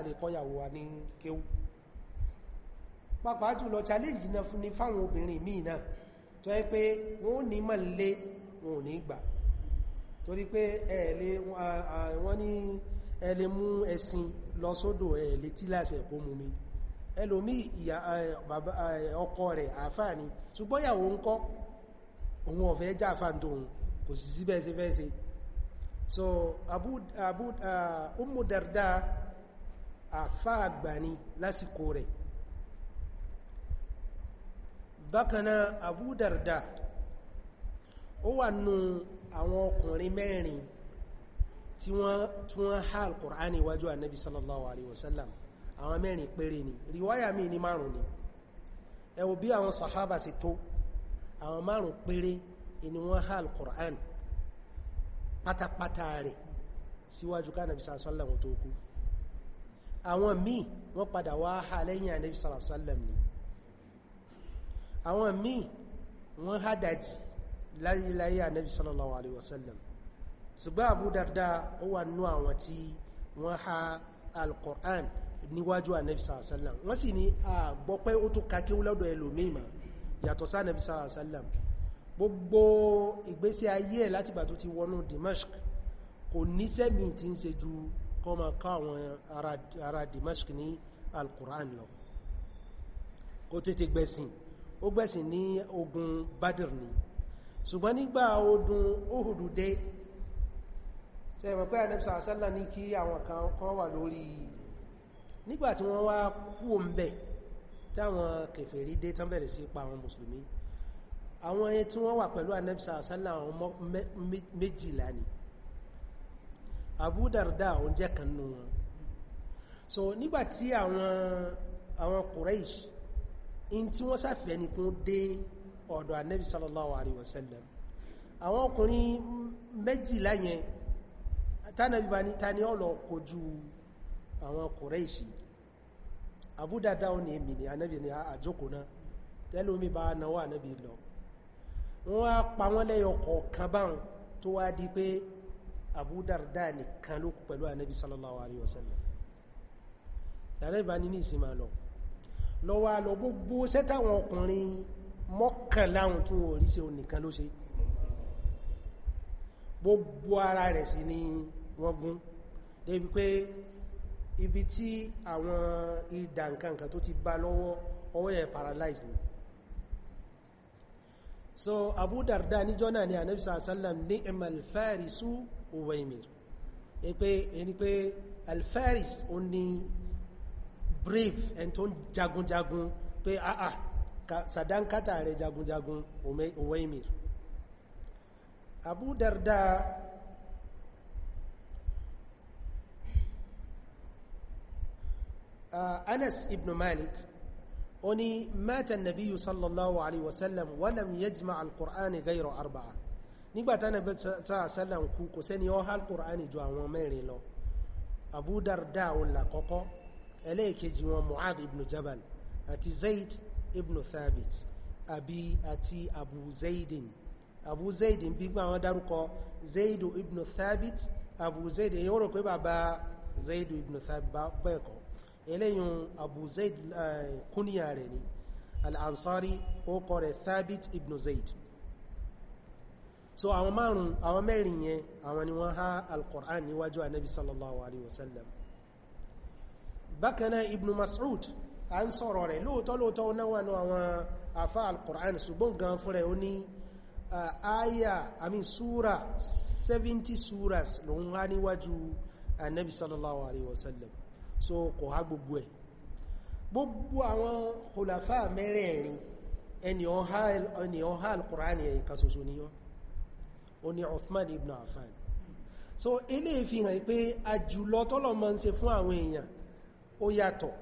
Speaker 1: lè kọ́yàwó wa ní kéwú pàápàá jùlọ challenge náà fún ni fáwọn obìnrin míì náà tó yẹ pé wọ́n ní mọ̀ lé wọn ò ní gbà torí pé ẹ̀ẹ̀lẹ́ wọ́n ní ẹ lè mú ẹṣin lọ sódò ẹ lè tí láṣẹ kó mú mi ẹlòmí ìyá ọkọ rẹ̀ àáfàá ni ṣùgbọ́n ìyàwó ń kọ́ òun ọ̀fẹ́ já àáfàá òun kò sì síbẹ̀ sí fẹ́ ṣe so abu abu Ummu Darda àáfàá àgbà ni lásìkò rẹ̀ bákanáà Abu Darda ó wà nù àwọn ọkùnrin mẹ́rin tí wọ́n tí wọ́n há al-Qur'an iwájú annabi sallallahu alaihi wasallam àwọn mẹ́rin péré ni riwaya mi ní márùn ni ẹ wò bí àwọn sahaba ṣe tó àwọn márùn péré ni wọ́n há al-Qur'an pátápátá rẹ̀ síwájú ká annabi sallallahu alaihi wasallam tó kú àwọn míì wọ́n padà wá há lẹ́yìn annabi annabi sallallahu alaihi wasallam ṣùgbọ́n Abu Darda ó wà nínú àwọn tí wọ́n ha al-Qur'an níwájú ànẹ́bí sàásálàm wọ́n sì ní àgbọ́ pé ó tó ka kíwú lọ́dọ̀ ẹlòmíì mà yàtọ̀ sànẹ́bí sàásálàm gbogbo ìgbésí ayé ẹ̀ láti bàtó ti wọnú Dimashq kò níṣẹ́ mi ti ń ṣe ju kọ́ máa àwọn ará Dimashq ní al-Qur'an lọ kò tètè gbẹ̀sìn ó gbẹ̀sìn ní ogun Badr ni ṣùgbọ́n nígbà ogun Uhud dé ṣe mọ̀ pé ànẹ́bìsà àṣálà ní kí àwọn kan kan wà lórí nígbà tí wọ́n wá kú òǹbẹ̀ táwọn kèfèrí dé tán bẹ̀rẹ̀ sí pa àwọn mùsùlùmí àwọn ẹyẹ tí wọ́n wà pẹ̀lú ànẹ́bìsà àṣálà àwọn méjìlá ni Abu Darda jẹ́ kan nù wọn so nígbà tí àwọn àwọn Quraysh in tí wọ́n sáfẹ́ nìkún dé ọ̀dọ̀ ànẹ́bì sallallahu alaihi wasallam àwọn ọkùnrin méjìlá yẹn tánàbí bá ní tani ọlọ kojú àwọn Kùrẹ́ṣì àbúdàdá ò ní èmì ní anábì ní àjókò náà tẹ́lómi bá náwó anábì lọ wọ́n á pa wọ́n lẹ́yọ kọ̀ọ̀kan báhùn tó wá di pé àbúdàdá nìkan ló kù pẹ̀lú anábì sallallahu alayhi wa sallam tàbí bá ní ní ìsinmi lọ lọ́wọ́ lọ gbogbo sẹ́tàwọn ọkùnrin mọ́kànláhùn tún orí ṣe wọ́n gún débi pé ibi tí àwọn ìdà nkankan tó ti bá lọ́wọ́ ọwọ́ yẹ paralyze ni so Abu Darda níjọ́ náà ni Ànábì sallam ní imal farisu uwaimir ẹni pé alfaris o ni brave ẹni tó ń jagunjagun pé àà ah, ah, sàdánkátà rẹ̀ jagunjagun uwaimir Abu Darda أنس ابن مالك أني مات النبي صلى الله عليه وسلم ولم يجمع القرآن غير أربعة نيبات أنا بس سلام كوكو سنيوها القرآن جوا ميرين له أبو درداء ولا كوكو إليك جوا معاذ ابن جبل أتي زيد ابن ثابت أبي أتي أبو زيد أبو زيد بيبقى داركو زيد ابن ثابت أبو زيد يورو كيبا زيد ابن ثابت بيكو eléyìn abu zaid kúníyà rẹ̀ ni al'ansari ó kọ rẹ̀ thabit ibn zaid so àwọn márùn àwọn mẹ́rin yẹn àwọn ni wọ́n há alkùrán níwájú anabi sallallahu alaihi wasallam bákanáà ibn mas'ud a ń sọ̀rọ̀ rẹ̀ lóòtọ́ lóòtọ́ náwànú àwọn afá alkùrán ṣùgbọ́n gan fún rẹ̀ ó ní àyà àmì súra 70 súras lòun há níwájú anabi sallallahu alaihi wasallam so kò há gbogbo ẹ̀ gbogbo àwọn khulafa mẹ́rẹ̀ẹ̀rin ẹni ọha al-Qur'ani ẹ̀yìn kan ṣoṣo ni wọ́n o ni Uthman ibn Affan so ilé ìfihàn pé àjùlọ tọ́lọ̀ máa ń ṣe fún àwọn èèyàn ó yàtọ̀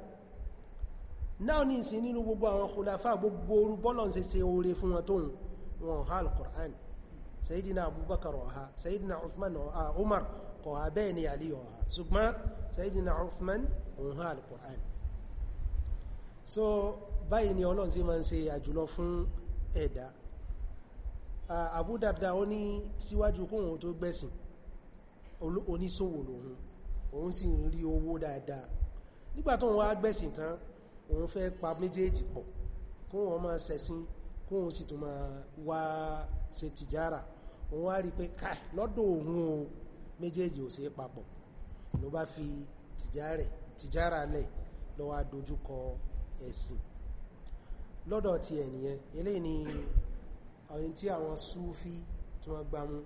Speaker 1: náà ní ìsìn nínú gbogbo àwọn khulafa gbogbo orú bọ́lọ̀ ń ṣe ṣe oore fún wọn tóhun wọn ọha al-Qur'ani sayidina Abubakar ọha sayidina Uthman ọha Umar kọ̀ha bẹ́ẹ̀ ni Ali ọha ṣùgbọ́n sayidina Uthman òun hàn alukur'an so báyìí ni ọlọ́run sí máa ń ṣe àjùlọ fún ẹ̀dá Abu Darda ó ní síwájú kóhun tó gbẹ̀sìn oníṣòwò lòun òun sì ń rí owó dáadáa nígbà tó wọ́n á gbẹ̀sìn tán òun fẹ́ pa méjèèjì pọ̀ kóhun máa ṣẹ̀sìn kóhun sì tún máa wá ṣe tìjára òun á rí pé káì lọ́dọ̀ òun méjèèjì ò ṣe papọ̀ ló bá fi tìjára lẹ̀ ló wá dojúkọ ẹ̀sìn lọ́dọ̀ ti ẹ̀nìyàn eléyìí ni àwọn tí àwọn súfí tí wọ́n gbá mú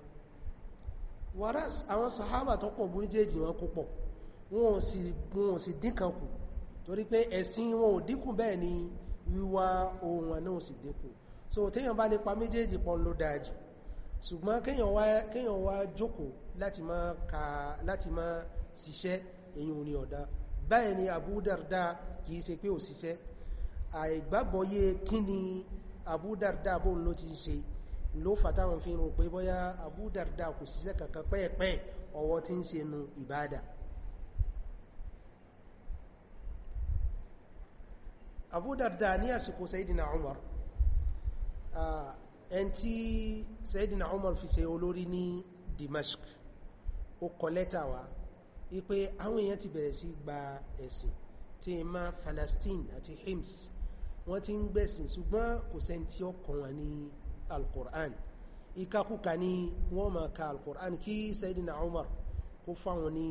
Speaker 1: wàrás àwọn sàhábà tó pọ̀ méjèèjì wọn kó pọ̀ wọn ò sì dínkàn kù torí pé ẹ̀sìn wọn ò dínkù bẹ́ẹ̀ ni wíwá ohun náà sì dínkù so téèyàn bá nípa méjèèjì pọ̀ ló dáa jù ṣùgbọ́n kéèyàn wá jókòó ka láti máa ṣiṣẹ́ èyí ò ní ọ̀dá báyìí ni Abu Darda kìí ṣe pé ò ṣiṣẹ́ àìgbàgbọ́yé kí ni Abu Darda bó ló ti ń ṣe ló fàtàwọn fi rò pé bóyá Abu Darda kò ṣiṣẹ́ kankan pẹ́ẹ̀pẹ́ ọwọ́ tí ń ṣe nu ìbádà Abu Darda ní àsìkò Sayyidina Umar ẹn tí Sayyidina Umar fi ṣe olórí ní Dimashq ó kọ lẹ́tà wá ipe àwọn èèyàn ti bẹ̀rẹ̀ sí gba ẹ̀sìn tí ì má Palestine àti Hims wọ́n ti ń gbẹ̀sìn ṣùgbọ́n kò sẹ́ni tí ó kàn wọ́n ní Al-Qur'an ìkakúka ni wọ́n máa ka Al-Qur'an kí Sayyidina Umar kó fáwọn ní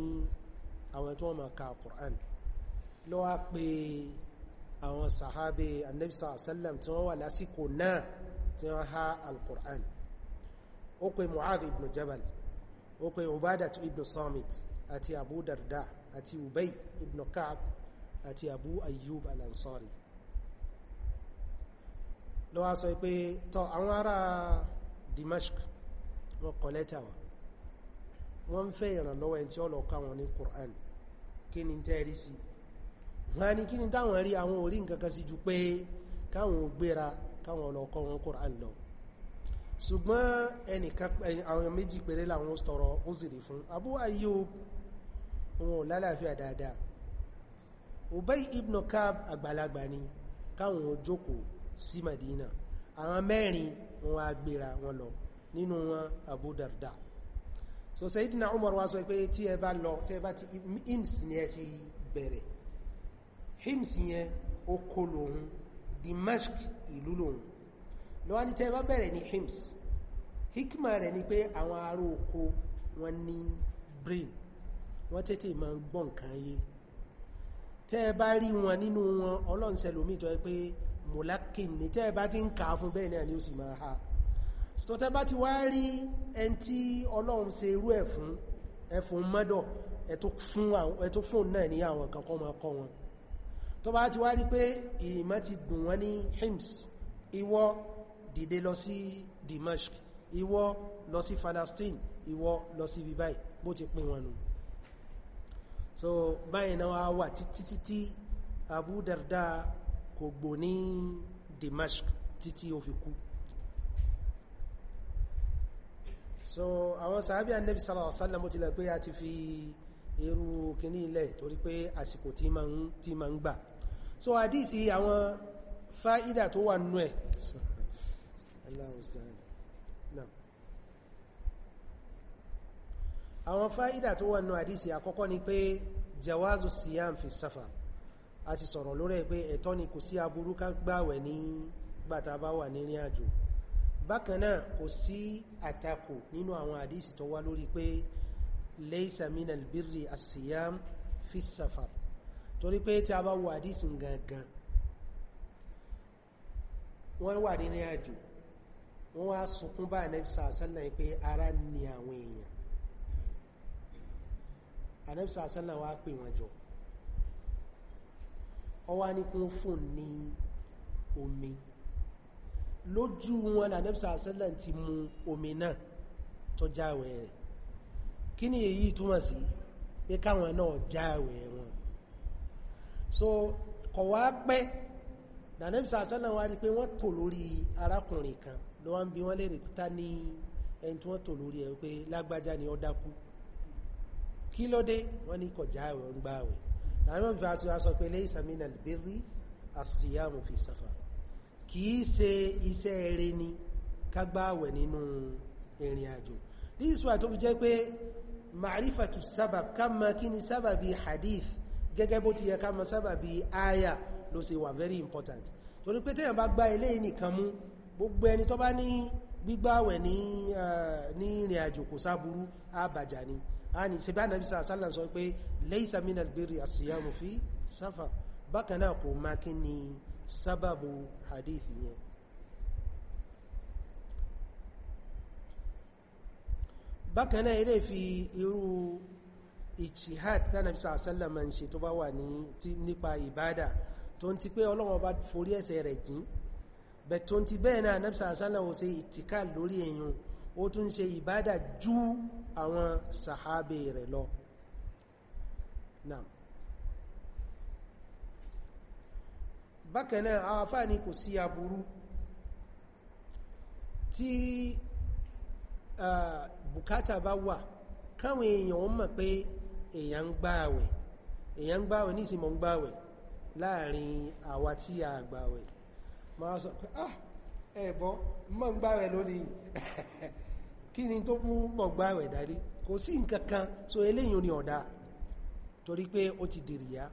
Speaker 1: àwọn tí wọ́n máa ka Al-Qur'an lọ́wọ́ pé àwọn sàhábé annabi sallam tí wọ́n wà lásìkò náà tí wọ́n ha al ó pe Mu'adh ibn Jabal ó pe Ubadat ibn Samit àti abu darda àti ubay ibn ka'b àti abu ayyub al-ansari ló wá sọ pé tọ́ àwọn ará dimashq wọ́n kọ lẹ́tà wa wọ́n ń fẹ́ ìrànlọ́wọ́ ẹni tí ó lọ káwọn ní Qur'an kí ni tẹ́rí sí wọ́n ni kí ni táwọn rí àwọn orí nǹkankan sí ju pé káwọn gbéra káwọn lọ kọ́ wọn Qur'an lọ ṣùgbọ́n ẹnìkan àwọn méjì péré làwọn tọrọ ó zèrè fún Abu Ayyub wọn ò lálàáfíà dáadáa Ubay ibn Kab àgbàlagbà ni káwọn ò sí Madina àwọn mẹ́rin wọn á gbéra wọn lọ nínú wọn Abu dada so Sayyidina Umar wa sọ pé tí ẹ bá lọ tí ẹ bá ti ims ni ẹ ti bẹ̀rẹ̀ ims yẹn oko lòun Dimashq ìlú lòun lọ́wọ́ ni pé àwọn ará oko wọn ní wọ́n tètè máa ń gbọ́ nǹkan yé tẹ́ ẹ bá rí wọn nínú wọn ọlọ́nsẹ̀lómi tọ́ pé mọ̀lákìn ní tẹ́ ẹ bá ti ń kà á fún bẹ́ẹ̀ náà ni ó sì máa ha tó tẹ́ bá ti wá rí ẹn tí ọlọ́run ṣe irú ẹ̀ fún ẹ̀fún mọ́dọ̀ ẹ̀tún fún náà ní àwọn kankan máa kọ́ wọn tó bá ti wá rí pé ìmọ̀ ti gùn wọn ní hims ìwọ dìde lọ sí Dimashq ìwọ lọ sí Palestine ìwọ lọ sí bíbáì bó ti pín wọn nù so báyìí náà wá wà títí títí Abu Darda kò gbò ní Dimashq títí ó fi kú so àwọn sàábí annabi sallallahu alaihi wasallam tilẹ̀ pé a ti fi irú kíní ilẹ̀ torí pé àsìkò tí ma ń gbà so àdísì àwọn fáídà tó wà nú ẹ̀ Allahu àwọn fáìdà tó wà nù àdísì àkọ́kọ́ ni pé jawazu siyam fi safar a ti sọ̀rọ̀ lórí ẹ̀ pé ẹ̀tọ́ ni kò sí aburú ká gbàwẹ̀ ní gbàtà bá wà ní ìrìn àjò bákan náà kò sí àtakò nínú àwọn àdísì tó wá lórí pé laysa min albirri as-siyam fi safar torí pé tí a bá wo àdísì gangan wọ́n wà nínú àjò wọ́n wá sunkún bá Ànábì sallallahu pé ara ni àwọn èèyàn anẹ́bísà sẹ́lẹ̀ wá pè wọn jọ ọwá ní kún fún ní omi lójú wọn anẹ́bísà sẹ́lẹ̀ ti mu omi náà tó jáwẹ̀ rẹ̀ kí ni èyí túmọ̀ sí pé káwọn náà jáwẹ̀ wọn so kọ̀ wá pẹ́ anẹ́bísà sẹ́lẹ̀ wá rí pé wọ́n tò lórí arákùnrin kan ló wá ń bi wọ́n lè rí ta ní ẹni tí wọ́n tò lórí ẹ̀ pé lágbájá ni ó dákú kí ló dé wọ́n ní kọjá ẹ̀wọ̀n ń gbààwẹ̀ àwọn ìfà sí aṣọ pé lé ìsàmìnà bírí àṣìyàmù fi sàfà kì í ṣe iṣẹ́ eré ni ká gbààwẹ̀ nínú ìrìn àjò this is why tó fi jẹ́ pé ma'rifatu sábàb ká mọ̀ kí ni sábàbí hadith gẹ́gẹ́ bó ti yẹ ká mọ̀ sábàbí aya ló ṣe wà very important torí pé téèyàn bá gba eléyìí nìkan mú gbogbo ẹni tó bá ní gbígbàwẹ̀ ní ìrìn àjò kò sáburú àbàjá ni a ní ṣe bá nàbí sàásàlám sọ pé laysa minal birri as-siyamu fi safar bákan náà kò má kí ni sábàbù hadith yẹn bákan náà ilé fi irú ìjihad tánàbí sàásàlám ń ṣe tó bá wà nípa ìbádà tó ń ti pé Ọlọ́run bá forí ẹ̀ṣẹ̀ rẹ̀ jìn bẹ̀tọ́n ti bẹ́ẹ̀ náà nẹ́bsà sálà ò ṣe ìtìká lórí èyàn ó tún ṣe ìbádà ju àwọn sàhábé rẹ̀ lọ bákanáà àwọn afá ní kò sí aburú tí bùkátà bá wà káwọn èèyàn mọ̀ pé èèyàn ń gbáwẹ̀ èèyàn ń gbáwẹ̀ nísìmọ̀ ń gbáwẹ̀ láàrin àwa tí a gbáwẹ̀ máa sọ pé ah ẹ̀bọ́ mọ́ ń gbáwẹ̀ lónìí kí ni tó mú mọ́ ń gbáwẹ̀ dárí kò sí nǹkan kan so eléyìn ni ọ̀dá torí pé ó ti dìrìyà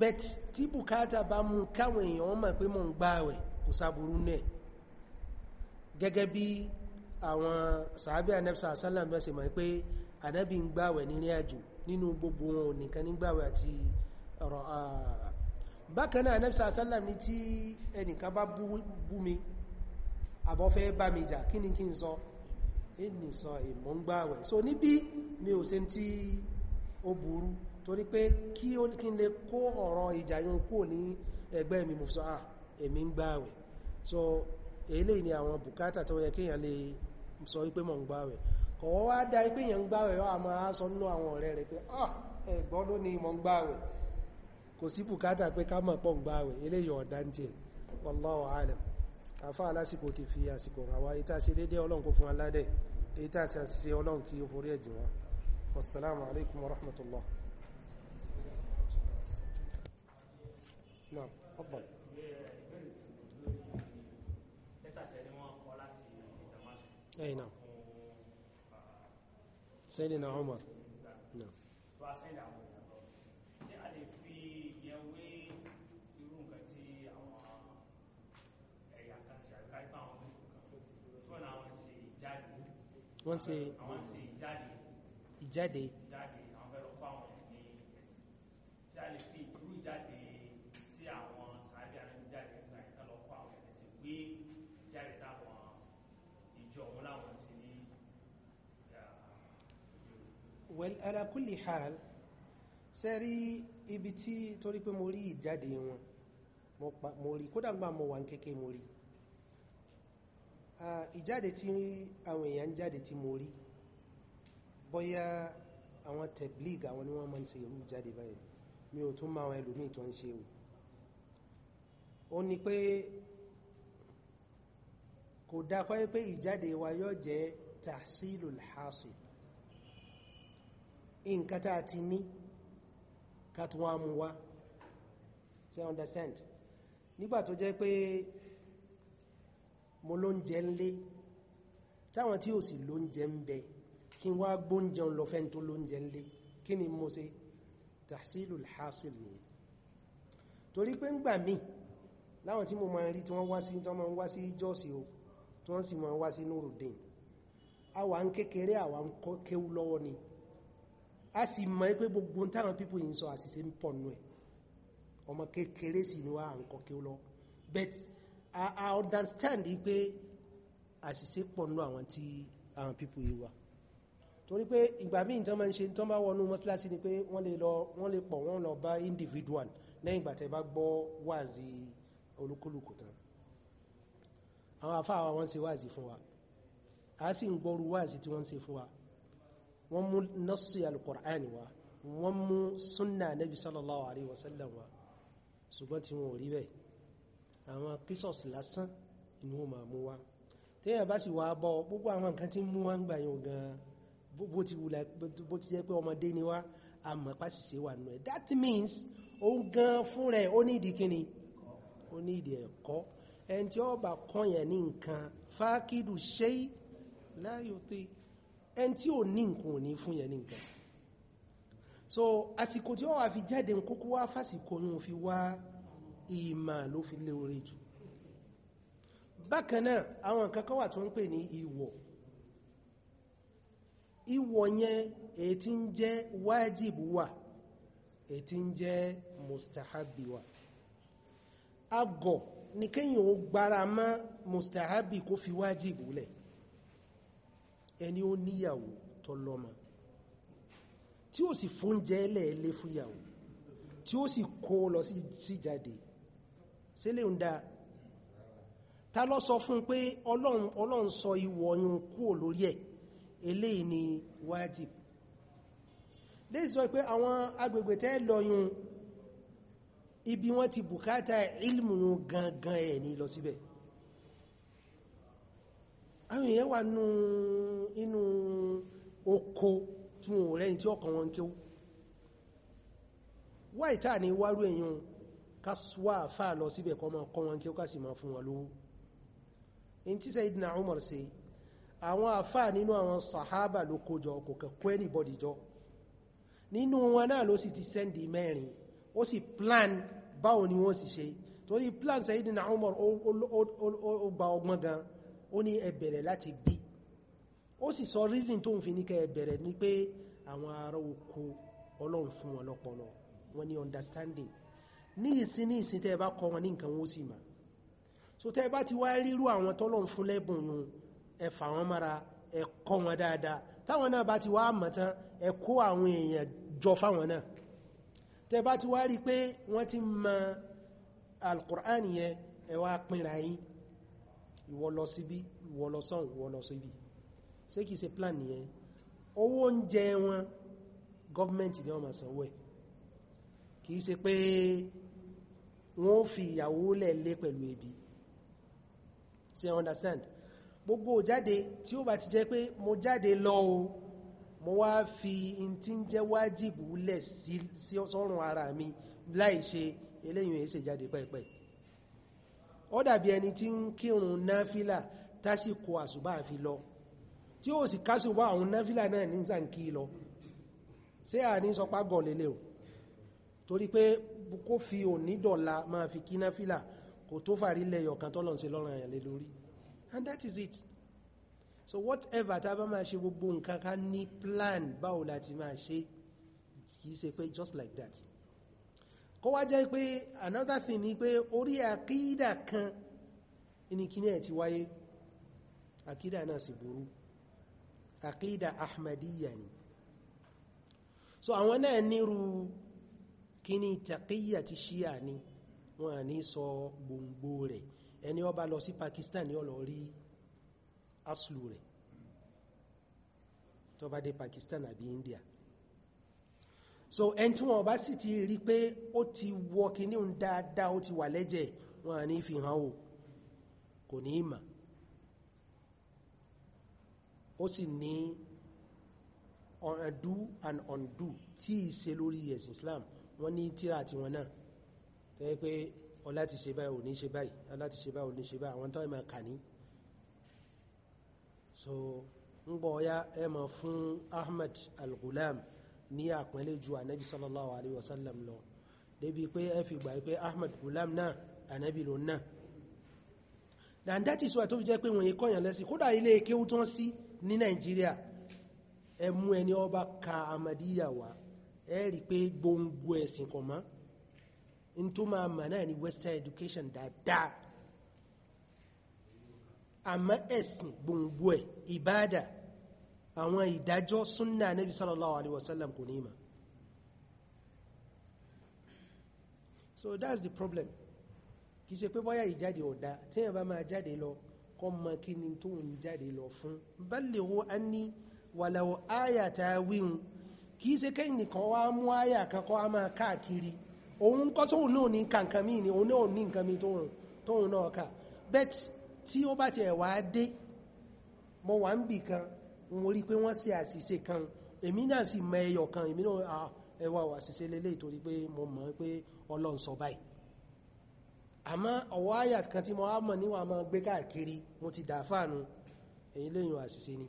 Speaker 1: bet tí bùkátà bá mú káwọn èèyàn mọ̀ pé mọ́ ń gbáwẹ̀ kò sáburú náà gẹ́gẹ́ bí àwọn sàábí anẹ́bsà sálàm bẹ́ẹ̀ sì mọ̀ pé ànábì ń gbáwẹ̀ nínú gbogbo wọn ò nìkan nígbàwẹ̀ àti ọ̀rọ̀ àà bákan náà anẹ́bísà sálàm ní tí ẹnìkan bá bú mi àbọ́ fẹ́ bá mi jà kí ni kí n sọ ẹni sọ ìmọ̀ ń gbà wẹ̀ so níbí mi ò ṣe tí ó burú torí pé kí ó kí n lè kó ọ̀rọ̀ ìjà yun kúrò ní ẹgbẹ́ mi mo sọ à ah, èmi ń gbà wẹ̀ so eléyìí ni àwọn bùkátà tó yẹ kéèyàn lè sọ wípé mọ̀ ń gbà wẹ̀ kọ̀wọ́ wá dá ipé ń gbà wẹ̀ ọ́ àmọ́ sọ nínú àwọn ọ̀rẹ́ rẹ̀ pé ah ẹ̀gbọ́n ló ni mọ̀ ń gbà wẹ̀ kò sí bùkátà pé ká mọ̀ pọ̀n gbá àwẹ̀ eléyìí ọ̀dá ń tiẹ̀ alam àfá alásìkò ti fi àsìkò àwa ìta ṣe dédé ọlọ́run kó fún aládẹ̀ ìta ṣe ọlọ́run kí ó forí ẹ̀jì wọn wassalamu alaikum warahmatullah نعم تفضل اي نعم سيدنا عمر نعم wọ́n ṣe ìjáde well ala kulli hal ṣe rí ibi tí torí pé mo rí ìjáde wọn mo rí kódà gbà mo wà ń kéke mo rí i ìjáde tí àwọn èèyàn jáde tí mo rí bóyá àwọn teblig àwọn ni wọ́n máa ń ṣe irú jáde báyìí mi ò tún máa wọn ẹlòmíì tó ń ṣe o ó ní pé kò dákọ́ pé ìjáde wa yóò jẹ́ tahsilul hasil nǹkan tá a ti ní ká tún wá mú wá ṣe understand nígbà tó jẹ́ pé mo ló ń jẹ ń lé táwọn tí ò sì ló ń jẹ ń bẹ kí n wá gbóúnjẹun lọ fẹ́ tó ló ń jẹ ń lé kí ni mo ṣe tahsilul hasil nìyẹn torí pé ń gbà míì láwọn tí mo máa rí tí wọ́n wá sí tí wọ́n máa ń wá sí jọ́ọ̀sì o tí wọ́n sì máa wá sí nurudin àwa ń kékeré àwa ń kéwú lọ́wọ́ ni a sì mọ̀ pé gbogbo táwọn pípò yìí ń sọ àṣìṣe ń pọ̀ nù ẹ̀ ọmọ kékeré sì ni wá à ń kọ́ kéwú lọ́wọ́ I understand pé àṣìṣe pọ̀ nínú àwọn tí àwọn pípò yìí wà torí pé ìgbà míì tán máa ń ṣe tán bá wọnú mọ́síláṣí ni pé wọ́n lè lọ wọ́n lè pọ̀ wọ́n lọ bá individual lẹ́yìn ìgbà tẹ́ bá gbọ́ wáàzì olúkúlùkù tán àwọn àfáà wa wọ́n ṣe wáàzì fún wa a sì ń gbọ́rú wáàzì tí wọ́n ṣe fún wa wọ́n mú nọ́ọ̀sì alukur'ani wa wọ́n mú sunna nabi sallallahu alaihi wasallam wa ṣùgbọ́n tí wọn ò rí bẹ́ẹ̀ àwọn kísọ̀s lásán inú wọn máa mú wá téèyàn bá sì wà bọ́ gbogbo àwọn nǹkan tí ń mú wá ń gbà yín gan bó ti jẹ́ pé ọmọdé ni wá àmọ́ pàṣìṣe wà nù ẹ̀ that means òun gan fún rẹ̀ ó ní ìdí kíni ó ní ìdí ẹ̀kọ́ ẹni tí ó bá kọ́yàn ní nǹkan fákìdù ṣe láyò tí ẹni tí ò ní nǹkan ò ní fún yẹn ní nǹkan so àsìkò tí ó wà fi jáde kókó wá fásìkò yóò fi wá ìmà ló fi lé orí jù bákanáà àwọn kankan wà tó ń pè ní ìwọ̀ ìwọ̀ yẹn èyí tí ń jẹ́ wájìb wà èyí tí ń jẹ́ mustahabi wà agọ̀ ní kéyàn ó gbára mọ́ mustahabi kó fi wájìb lẹ̀ ẹni ó níyàwó tó tí ó sì fún jẹ́ lẹ́ẹ̀lé fúyàwó tí ó sì kó lọ sí jáde sí lè ń dáa ta lọ sọ fún pé ọlọ́run ọlọ́run sọ ìwọ̀ yun kúrò lórí ẹ̀ eléyìí ni wájib léyìí sọ pé àwọn agbègbè tẹ́ lọ yun ibi wọ́n ti bùkátà ilmu yun gangan ẹ̀ ní lọ síbẹ̀ àwọn èèyàn wà nù oko tí ò rẹ́ni tí ọkàn wọn kéwú wáìtà ni wárú èèyàn ká wá àfáà lọ síbẹ̀ kọ́ máa kọ́ wọn kí ó kà sì máa fún wọn lówó in tí Sayyidina Umar ṣe àwọn àfáà nínú àwọn sàhábà ló kójọ kò kẹ́kọ́ anybody jọ nínú wọn náà ló sì ti sẹ́ndì mẹ́rin ó sì plan báwo ni wọ́n sì ṣe torí plan Sayyidina Umar ó gba ọgbọ́n gan ó ní ẹ bẹ̀rẹ̀ láti bí ó sì sọ reason tó ń fi ní kẹ́ ẹ bẹ̀rẹ̀ ni pé àwọn ará oko ọlọ́run fún wọn lọ́pọlọ wọn ní understanding ní ìsìn ní ìsìn tẹ́ bá kọ wọn ní nǹkan wọ́n sì mà so tẹ́ bá ti wá ríru àwọn tọ́lọ́n fún lẹ́bùn yun ẹ fà wọ́n mara ẹ kọ́ wọn dáadáa táwọn náà bá ti wá mọ̀ tán ẹ kó àwọn èèyàn jọ fáwọn náà tẹ́ bá ti wá rí pé wọ́n ti mọ alukur'an yẹn ẹ wá pínra yín ìwọ lọ síbí ìwọ lọ sọ́hùn ìwọ lọ síbí ṣé kìí ṣe plan nìyẹn owó oúnjẹ wọn gọ́ọ̀mẹ́ntì ni wọ́n máa sanwó ẹ̀ kìí ṣe pé wọ́n fi ìyàwó lẹ́lẹ́ pẹ̀lú ebi ṣe understand gbogbo jáde tí ó bá ti jẹ́ pé mo jáde lọ o mo wá fi in tí ń jẹ́ wájìbù lẹ̀ sí sọ́rùn ara mi láì ṣe eléyìn èsè jáde pẹ́ẹ̀pẹ́ ó dàbí ẹni tí ń kírun náfílà tásìkò àsùbá àfi lọ tí ó sì kásùbá àwọn náfílà náà ní sàǹkí lọ ṣé à ní sọpá gọ̀ lélẹ̀ o torí pé kó fi òní dọ̀la fi kí náfìlà kò tó fàrí lẹ́yọ̀ kan tọ́lọ̀ ń ṣe lọ́rùn lórí and that is it so whatever tá a bá máa ṣe gbogbo nǹkan ká ní plan báwo la ti máa ṣe kì ṣe pé just like that kó wá jẹ́ pé another thing ni pé orí àkídà kan ní kíní ẹ̀ ti wáyé àkídà náà sì burú àkídà ahmadiyya ni so àwọn náà nírú kí ni taqiyya ti ṣíà ni wọ́n ní sọ gbòǹgbò rẹ̀ ẹni ó lọ sí Pakistan ni ó lọ rí aslu rẹ̀ tó bá dé Pakistan àbí India so ẹn tí wọ́n bá sì ti rí pé ó ti wọ kíní ń dáadáa ó ti wà lẹ́jẹ̀ wọ́n ní fi hàn o kò ní ìmà ó sì ní undo and undo tí í ṣe lórí ẹ̀sìn Islam wọ́n ní tíra tiwọn náà tó yẹ pé ọlá ti ṣe báyìí ò ní ṣe báyìí ọlá ti ṣe báyìí ò ní ṣe báyìí àwọn tó ẹ̀ máa kà ní. so ń gbọ́ ọ̀yá ẹ̀ máa fún Ahmad al-Ghulam ní àpẹẹlẹ ju anabi sallallahu alayhi wa sallam lọ débi pé ẹ fi gbà pé Ahmad Ghulam náà anabi ló náà dàndátì sọ àtó fi jẹ́ pé wọ́n yìí kọ́yàn lẹ́sìn kódà ilé kéwú tán sí ní Nàìjíríà ẹ mú ẹni ọba ka Ahmadiyya ẹ rí pé gbòǹgbò ẹ̀sìn kọ̀ mọ́ In tó máa mà náà ní western education dáadáa àmọ́ ẹ̀sìn gbòǹgbò ẹ̀ ìbáàdà àwọn ìdájọ́ súnnà Ànábì sallallahu alaihi wasallam kò ní ìmọ̀ so that's the problem kì í ṣe pé bọ́yá ìjáde ọ̀dá téèyàn bá máa jáde lọ kọ́ mọ kí ni tó jáde lọ fún ballighu anni walau ayata wíhun kìí ṣe kẹ́yìn kan wá mú àyà kan kọ́ á máa káàkiri òun kọ́ sóhun náà ní kankan míì ni òun náà ní nǹkan mi tóhun tóhun náà kà bet tí ó bá ti ẹ̀wà dé mo wà ń bì kan mo rí pé wọ́n ṣe àṣìṣe kan èmi náà sì mọ ẹyọ kan èmi náà ah, ẹ torí pé mo mọ̀ pé ọlọ́run sọ báyìí àmọ́ ọ̀wọ́ àyà kan tí mo mọ̀ níwọ̀n a máa gbé káàkiri mo ti dà fáànù èyí àṣìṣe ni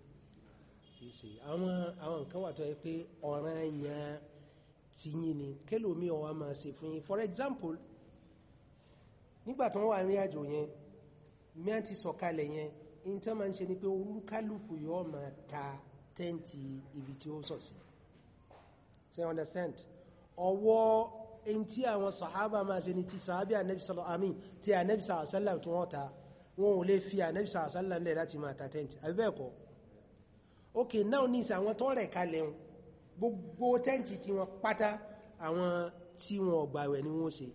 Speaker 1: ṣe àwọn àwọn nǹkan wà tó yẹ pé ọ̀ràn èèyàn ti yín ni kélòmí ọwá máa ṣe fún yín for example nígbà tí wọ́n wà ní àjò yẹn mẹ́rin ti sọ̀kalẹ̀ yẹn in tán máa ń ṣe ni pé olúkálùkù yóò máa ta tẹ́ǹtì ibi tí ó sọ̀sẹ̀ so you understand ọwọ́ in tí àwọn sàhábà máa ṣe ni ti sàhábà ànábì sallallahu alaihi wasallam tí ànábì sallallahu alaihi wasallam tó wọ́n ta wọn ò lè fi ànábì sallallahu alaihi láti máa ta tẹ́ǹtì àbí bẹ́ẹ̀ kọ́ ok now ní ìsà àwọn tó kalẹ̀ wọn gbogbo tẹ́ǹtì tí wọ́n pátá àwọn tí wọn ọ̀gbà rẹ̀ ni wọ́n ṣe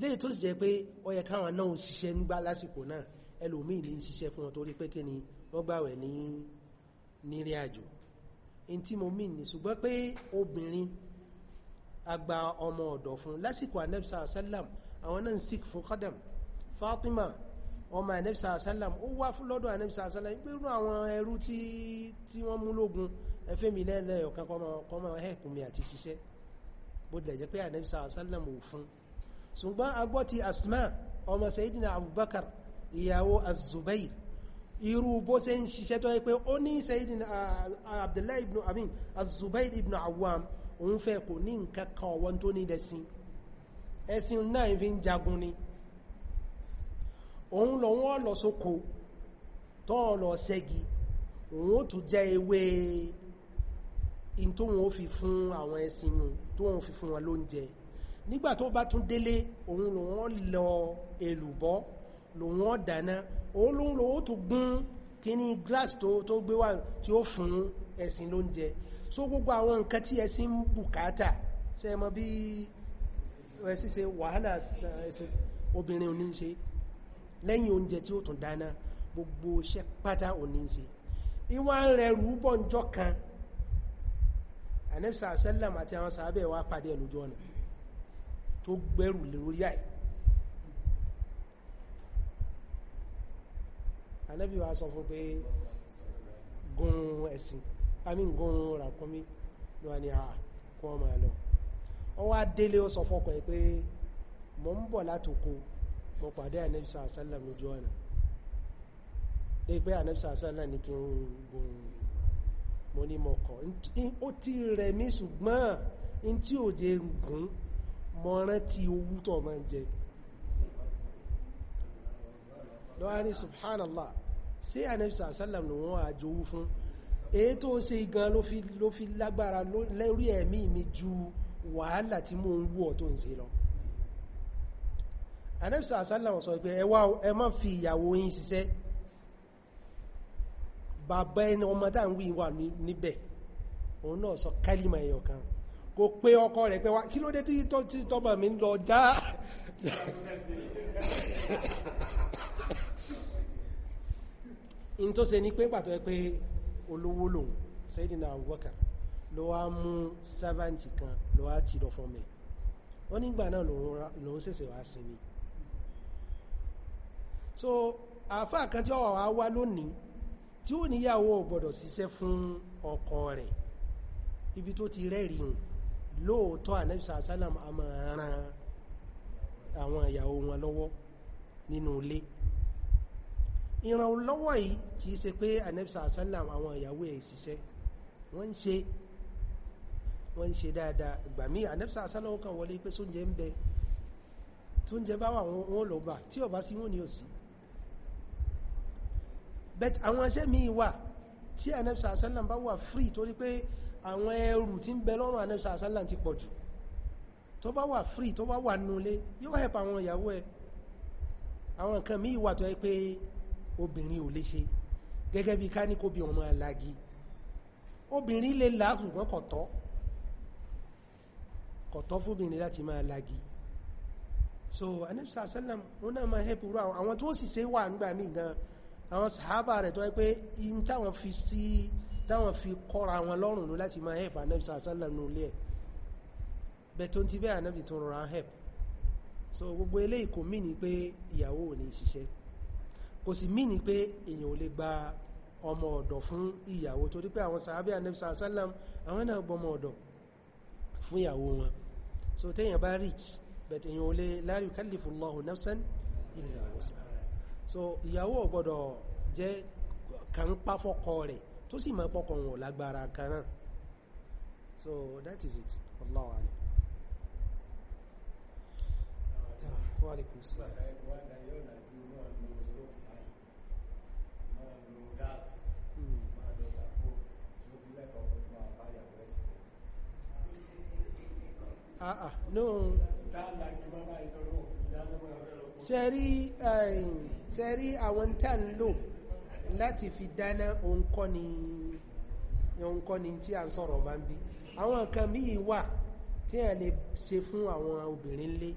Speaker 1: léè tó sì jẹ́ pé ó yẹ káwọn náà ṣiṣẹ́ nígbà lásìkò náà ẹlòmíì ní ṣiṣẹ́ fún wọn torí pé ni wọ́n gbà rẹ̀ ní nírin àjò in tí mo mìn ní ṣùgbọ́n pé obìnrin agba ọmọ ọ̀dọ̀ fún lásìkò anẹ́bísà sálàm àwọn náà ń sìk fún kádàm Fatima ọmọ ànẹ́bìsà àṣálàm ó wá lọ́dọ̀ ànẹ́bìsà àṣálàm pẹ̀lú àwọn ẹrú tí wọ́n mú lógun ẹfẹ́mi lẹ́lẹ́ ọ̀kan kọmọ ẹ̀kùnmi àti ṣiṣẹ́ bó tilẹ̀ jẹ́ pé ànẹ́bìsà àṣálàm ò fún ṣùgbọ́n agbọ́ ti asma ọmọ sayidina abubakar ìyàwó azubair irú bó ṣe ń ṣiṣẹ́ tó yẹ pé ó ní sayidina abdullahi ibn amin azubair ibn awam òun fẹ́ kò ní nǹkan kan ọwọ́ tó ní ẹ̀sìn ẹ̀sìn náà fi ń jagun ni òun lọ wọ́n lọ sóko tán lọ ṣẹ́gi òun ó tún jẹ́ ewé in tó wọn ó fi fún àwọn ẹṣin nù tó wọn ó fi fún wọn lóúnjẹ nígbà tó bá tún délé òun lọ wọ́n lọ èlùbọ́ lọ wọ́n dáná òun lòun ó tún gún kíní grass tó tó gbé wá tí ó fún ẹṣin lóúnjẹ so gbogbo àwọn nǹkan tí ẹṣin ń bùkátà ṣe mọ bí ẹ ṣíṣe wàhálà ẹṣin obìnrin ò ní ṣe lẹ́yìn oúnjẹ tí ó tún dáná gbogbo iṣẹ́ pátá òní ń ṣe ìwà ń rúbọ̀ ń jọ kan anẹ́bísà sẹ́lẹ̀m àti àwọn sàábẹ̀ wa pàdé ẹ̀ lójú ọ̀nà tó gbẹ́rù lórí àì anẹ́bí wa sọ fún pé gun ẹ̀sìn àmì gun ràkúnmí ló wà ní àà ọmọ ẹ ọwọ́ adélé ó sọ fọ́kọ̀ ẹ pé mò ń bọ̀ látòkó mo pàdé ànábì sàásálàm lójú ọ̀nà dé pé ànábì sàásálàm ní kí n gùn mo ní mo kọ̀ ó ti rẹ̀ mí ṣùgbọ́n n tí ò jẹ́ gùn mo rántí owú tó máa ń jẹ lọ́wọ́ ní subhanallah sí ànábì sàásálàm ni wọ́n àjòwú fún èyí tó ṣe gan ló fi lágbára lórí ẹ̀mí mi ju wàhálà tí mo ń wú ọ̀ tó ń ṣe lọ anẹ́bìsà àsálàmù sọ pé ẹwà ẹ má fi ìyàwó yín ṣiṣẹ́ bàbá ẹni ọmọ tá ń wí wà níbẹ̀ òun náà sọ kálímà ẹyọ kan kò pé ọkọ rẹ̀ pé wá kí ló dé tí tọ́mọ mi ń lọ já in tó ṣe ní pé pàtó ẹ pé olówó lòun Sayyidina Abubakar ló wá mú sábàǹtì kan ló wá tìrọ fún mi wọ́n nígbà náà lòun ṣẹ̀ṣẹ̀ wá sinmi so àáfàá kan tí ó wà wá lónìí tí ó níyàwó ò gbọ́dọ̀ ṣiṣẹ́ fún ọkọ rẹ̀ ibi tó ti rẹ́rìn lóòótọ́ ànẹ́bìsà sálàm a máa ran àwọn ìyàwó wọn lọ́wọ́ nínú ilé ìrànlọ́wọ́ yìí kìí ṣe pé ànẹ́bìsà sálàm àwọn ìyàwó ẹ̀ ṣiṣẹ́ wọ́n ń ṣe wọ́n ń ṣe dáadáa ìgbà ànẹ́bìsà sálàm kan wọlé pé sóúnjẹ ń bẹ tóúnjẹ bá wà wọ́n lọ bà tí ó sí wọn ni ò sí but àwọn iṣẹ́ mi wà tí anẹ́bìsà asálàm bá wà free torí pé àwọn ẹrù tí ń bẹ lọ́rùn anẹ́bìsà asálàm ti pọ̀jù tó bá wà free tó bá wà nulé yóò help àwọn ìyàwó ẹ àwọn nǹkan mi wà tó yẹ pé obìnrin ò lè ṣe gẹ́gẹ́ bí ká ní kó bí ọmọ alági obìnrin lè láàrù kọ̀tọ́ kọ̀tọ́ fóbìnrin láti máa lági so anẹ́bìsà asálàm wọn náà máa help irú àwọn tó sì ṣe wà nígbà míì gan-an àwọn sàhábà rẹ̀ tó yẹ pé in táwọn fi sí táwọn fi kọ́ra wọn lọ́rùn nú láti máa hẹ́pà anábì sàásánlá nù ilé ẹ̀ bẹ́ẹ̀ tó ń ti bẹ́ẹ̀ anábì tó rọra hẹ́p so gbogbo eléyìí kò mí ni pé ìyàwó ò ní ṣiṣẹ́ kò sì mí ni pé èèyàn ò lè gba ọmọ ọ̀dọ̀ fún ìyàwó torí pé àwọn sàhábà anábì sàásánlá àwọn náà gbọmọ ọ̀dọ̀ fún ìyàwó wọn so téèyàn bá rich bẹ̀tẹ̀ èèyàn ò lè la yukallifu Allahu nafsan illa wus'aha so ìyàwó ọ̀gbọ́dọ̀ jẹ́ kà ń pa fọ́kọ rẹ̀ tó sì máa pọ́kọ wọn lágbára kan náà so that is it Allahu wa alaikum hmm. Ah, ah, no sẹ́rí sẹ́rí eh, àwọn tá ń lò láti fi dáná òǹkọ́ni òǹkọ́ni tí a ń sọ̀rọ̀ bá ń bí àwọn nǹkan míì wà tí a lè ṣe fún àwọn obìnrin lé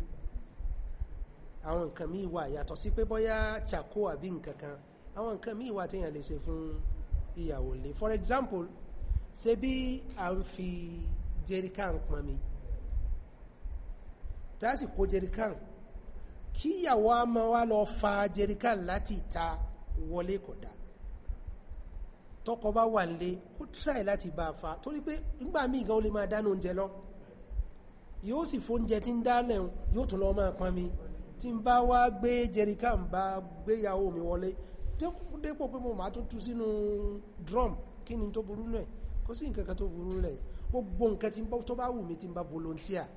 Speaker 1: àwọn nǹkan míì wà yàtọ̀ sí pé bóyá chako àbí nǹkan kan àwọn nǹkan míì wà tí a lè ṣe fún ìyàwó lé for example ṣe bí a ń fi jerrycan pọnmi tá a sì kó jerrycan kíyàwó a máa wá lọ fa jẹríkà láti ta wọlé kódà tọ́kọ bá wà nílé kó tíráì láti bá a fa torí pé nígbà míì gan ó lè máa dáná oúnjẹ lọ yóò sì fóúnjẹ tí ń dálẹ̀ yóò tún lọ máa pọn mi tí ń bá wá gbé jẹríkà ń bá gbéyàwó mi wọlé dépò pé mo máa tún tú sínú drum kí ni tó burú náà kò sí nǹkan kan tó burú náà gbogbo nǹkan tó bá wù mí tí ń bá volunteer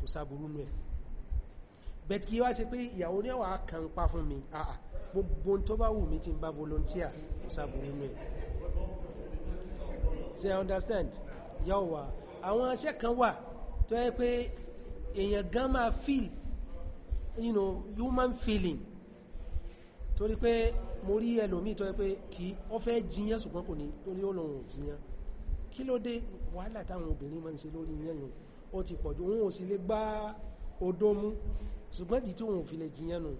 Speaker 1: kò sá burú náà bẹ́t kí wá ṣe pé ìyàwó ní àwọn akànpá fún mi àà ah, ah. gbogbo tó bá wù mí ti ń bá volunteer kò sáàbù nínú ẹ̀ say i understand yọ wà àwọn aṣẹ́ kan wà To yẹ pé èèyàn gan máa feel you know human feeling torí pé mo rí ẹlòmíì tó yẹ pé kì ó fẹ́ jiyàn ṣùgbọ́n kò ní torí ó lòun ò jiyàn kí ló dé wàhálà táwọn obìnrin máa ń ṣe lórí yẹn yìí ó ti pọ̀jù òun ò sì lè gbá odó mú ṣùgbọ́n dì tí òun fi lè jiyàn nù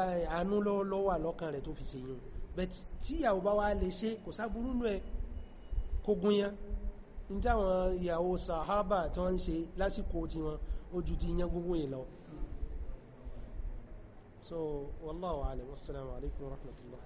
Speaker 1: eh, àánú lọ́wọ́ àlọ́kàn rẹ̀ tó fi ṣe yìí bẹ̀t tí ìyàwó bá wá lè ṣe kò sáburú nù ẹ kó gúnyán ní táwọn ìyàwó sahaba tí wọ́n ń ṣe lásìkò tiwọn ojú ti yan gbogbo yìí lọ so wallahu alam wassalamu alaikum warahmatullah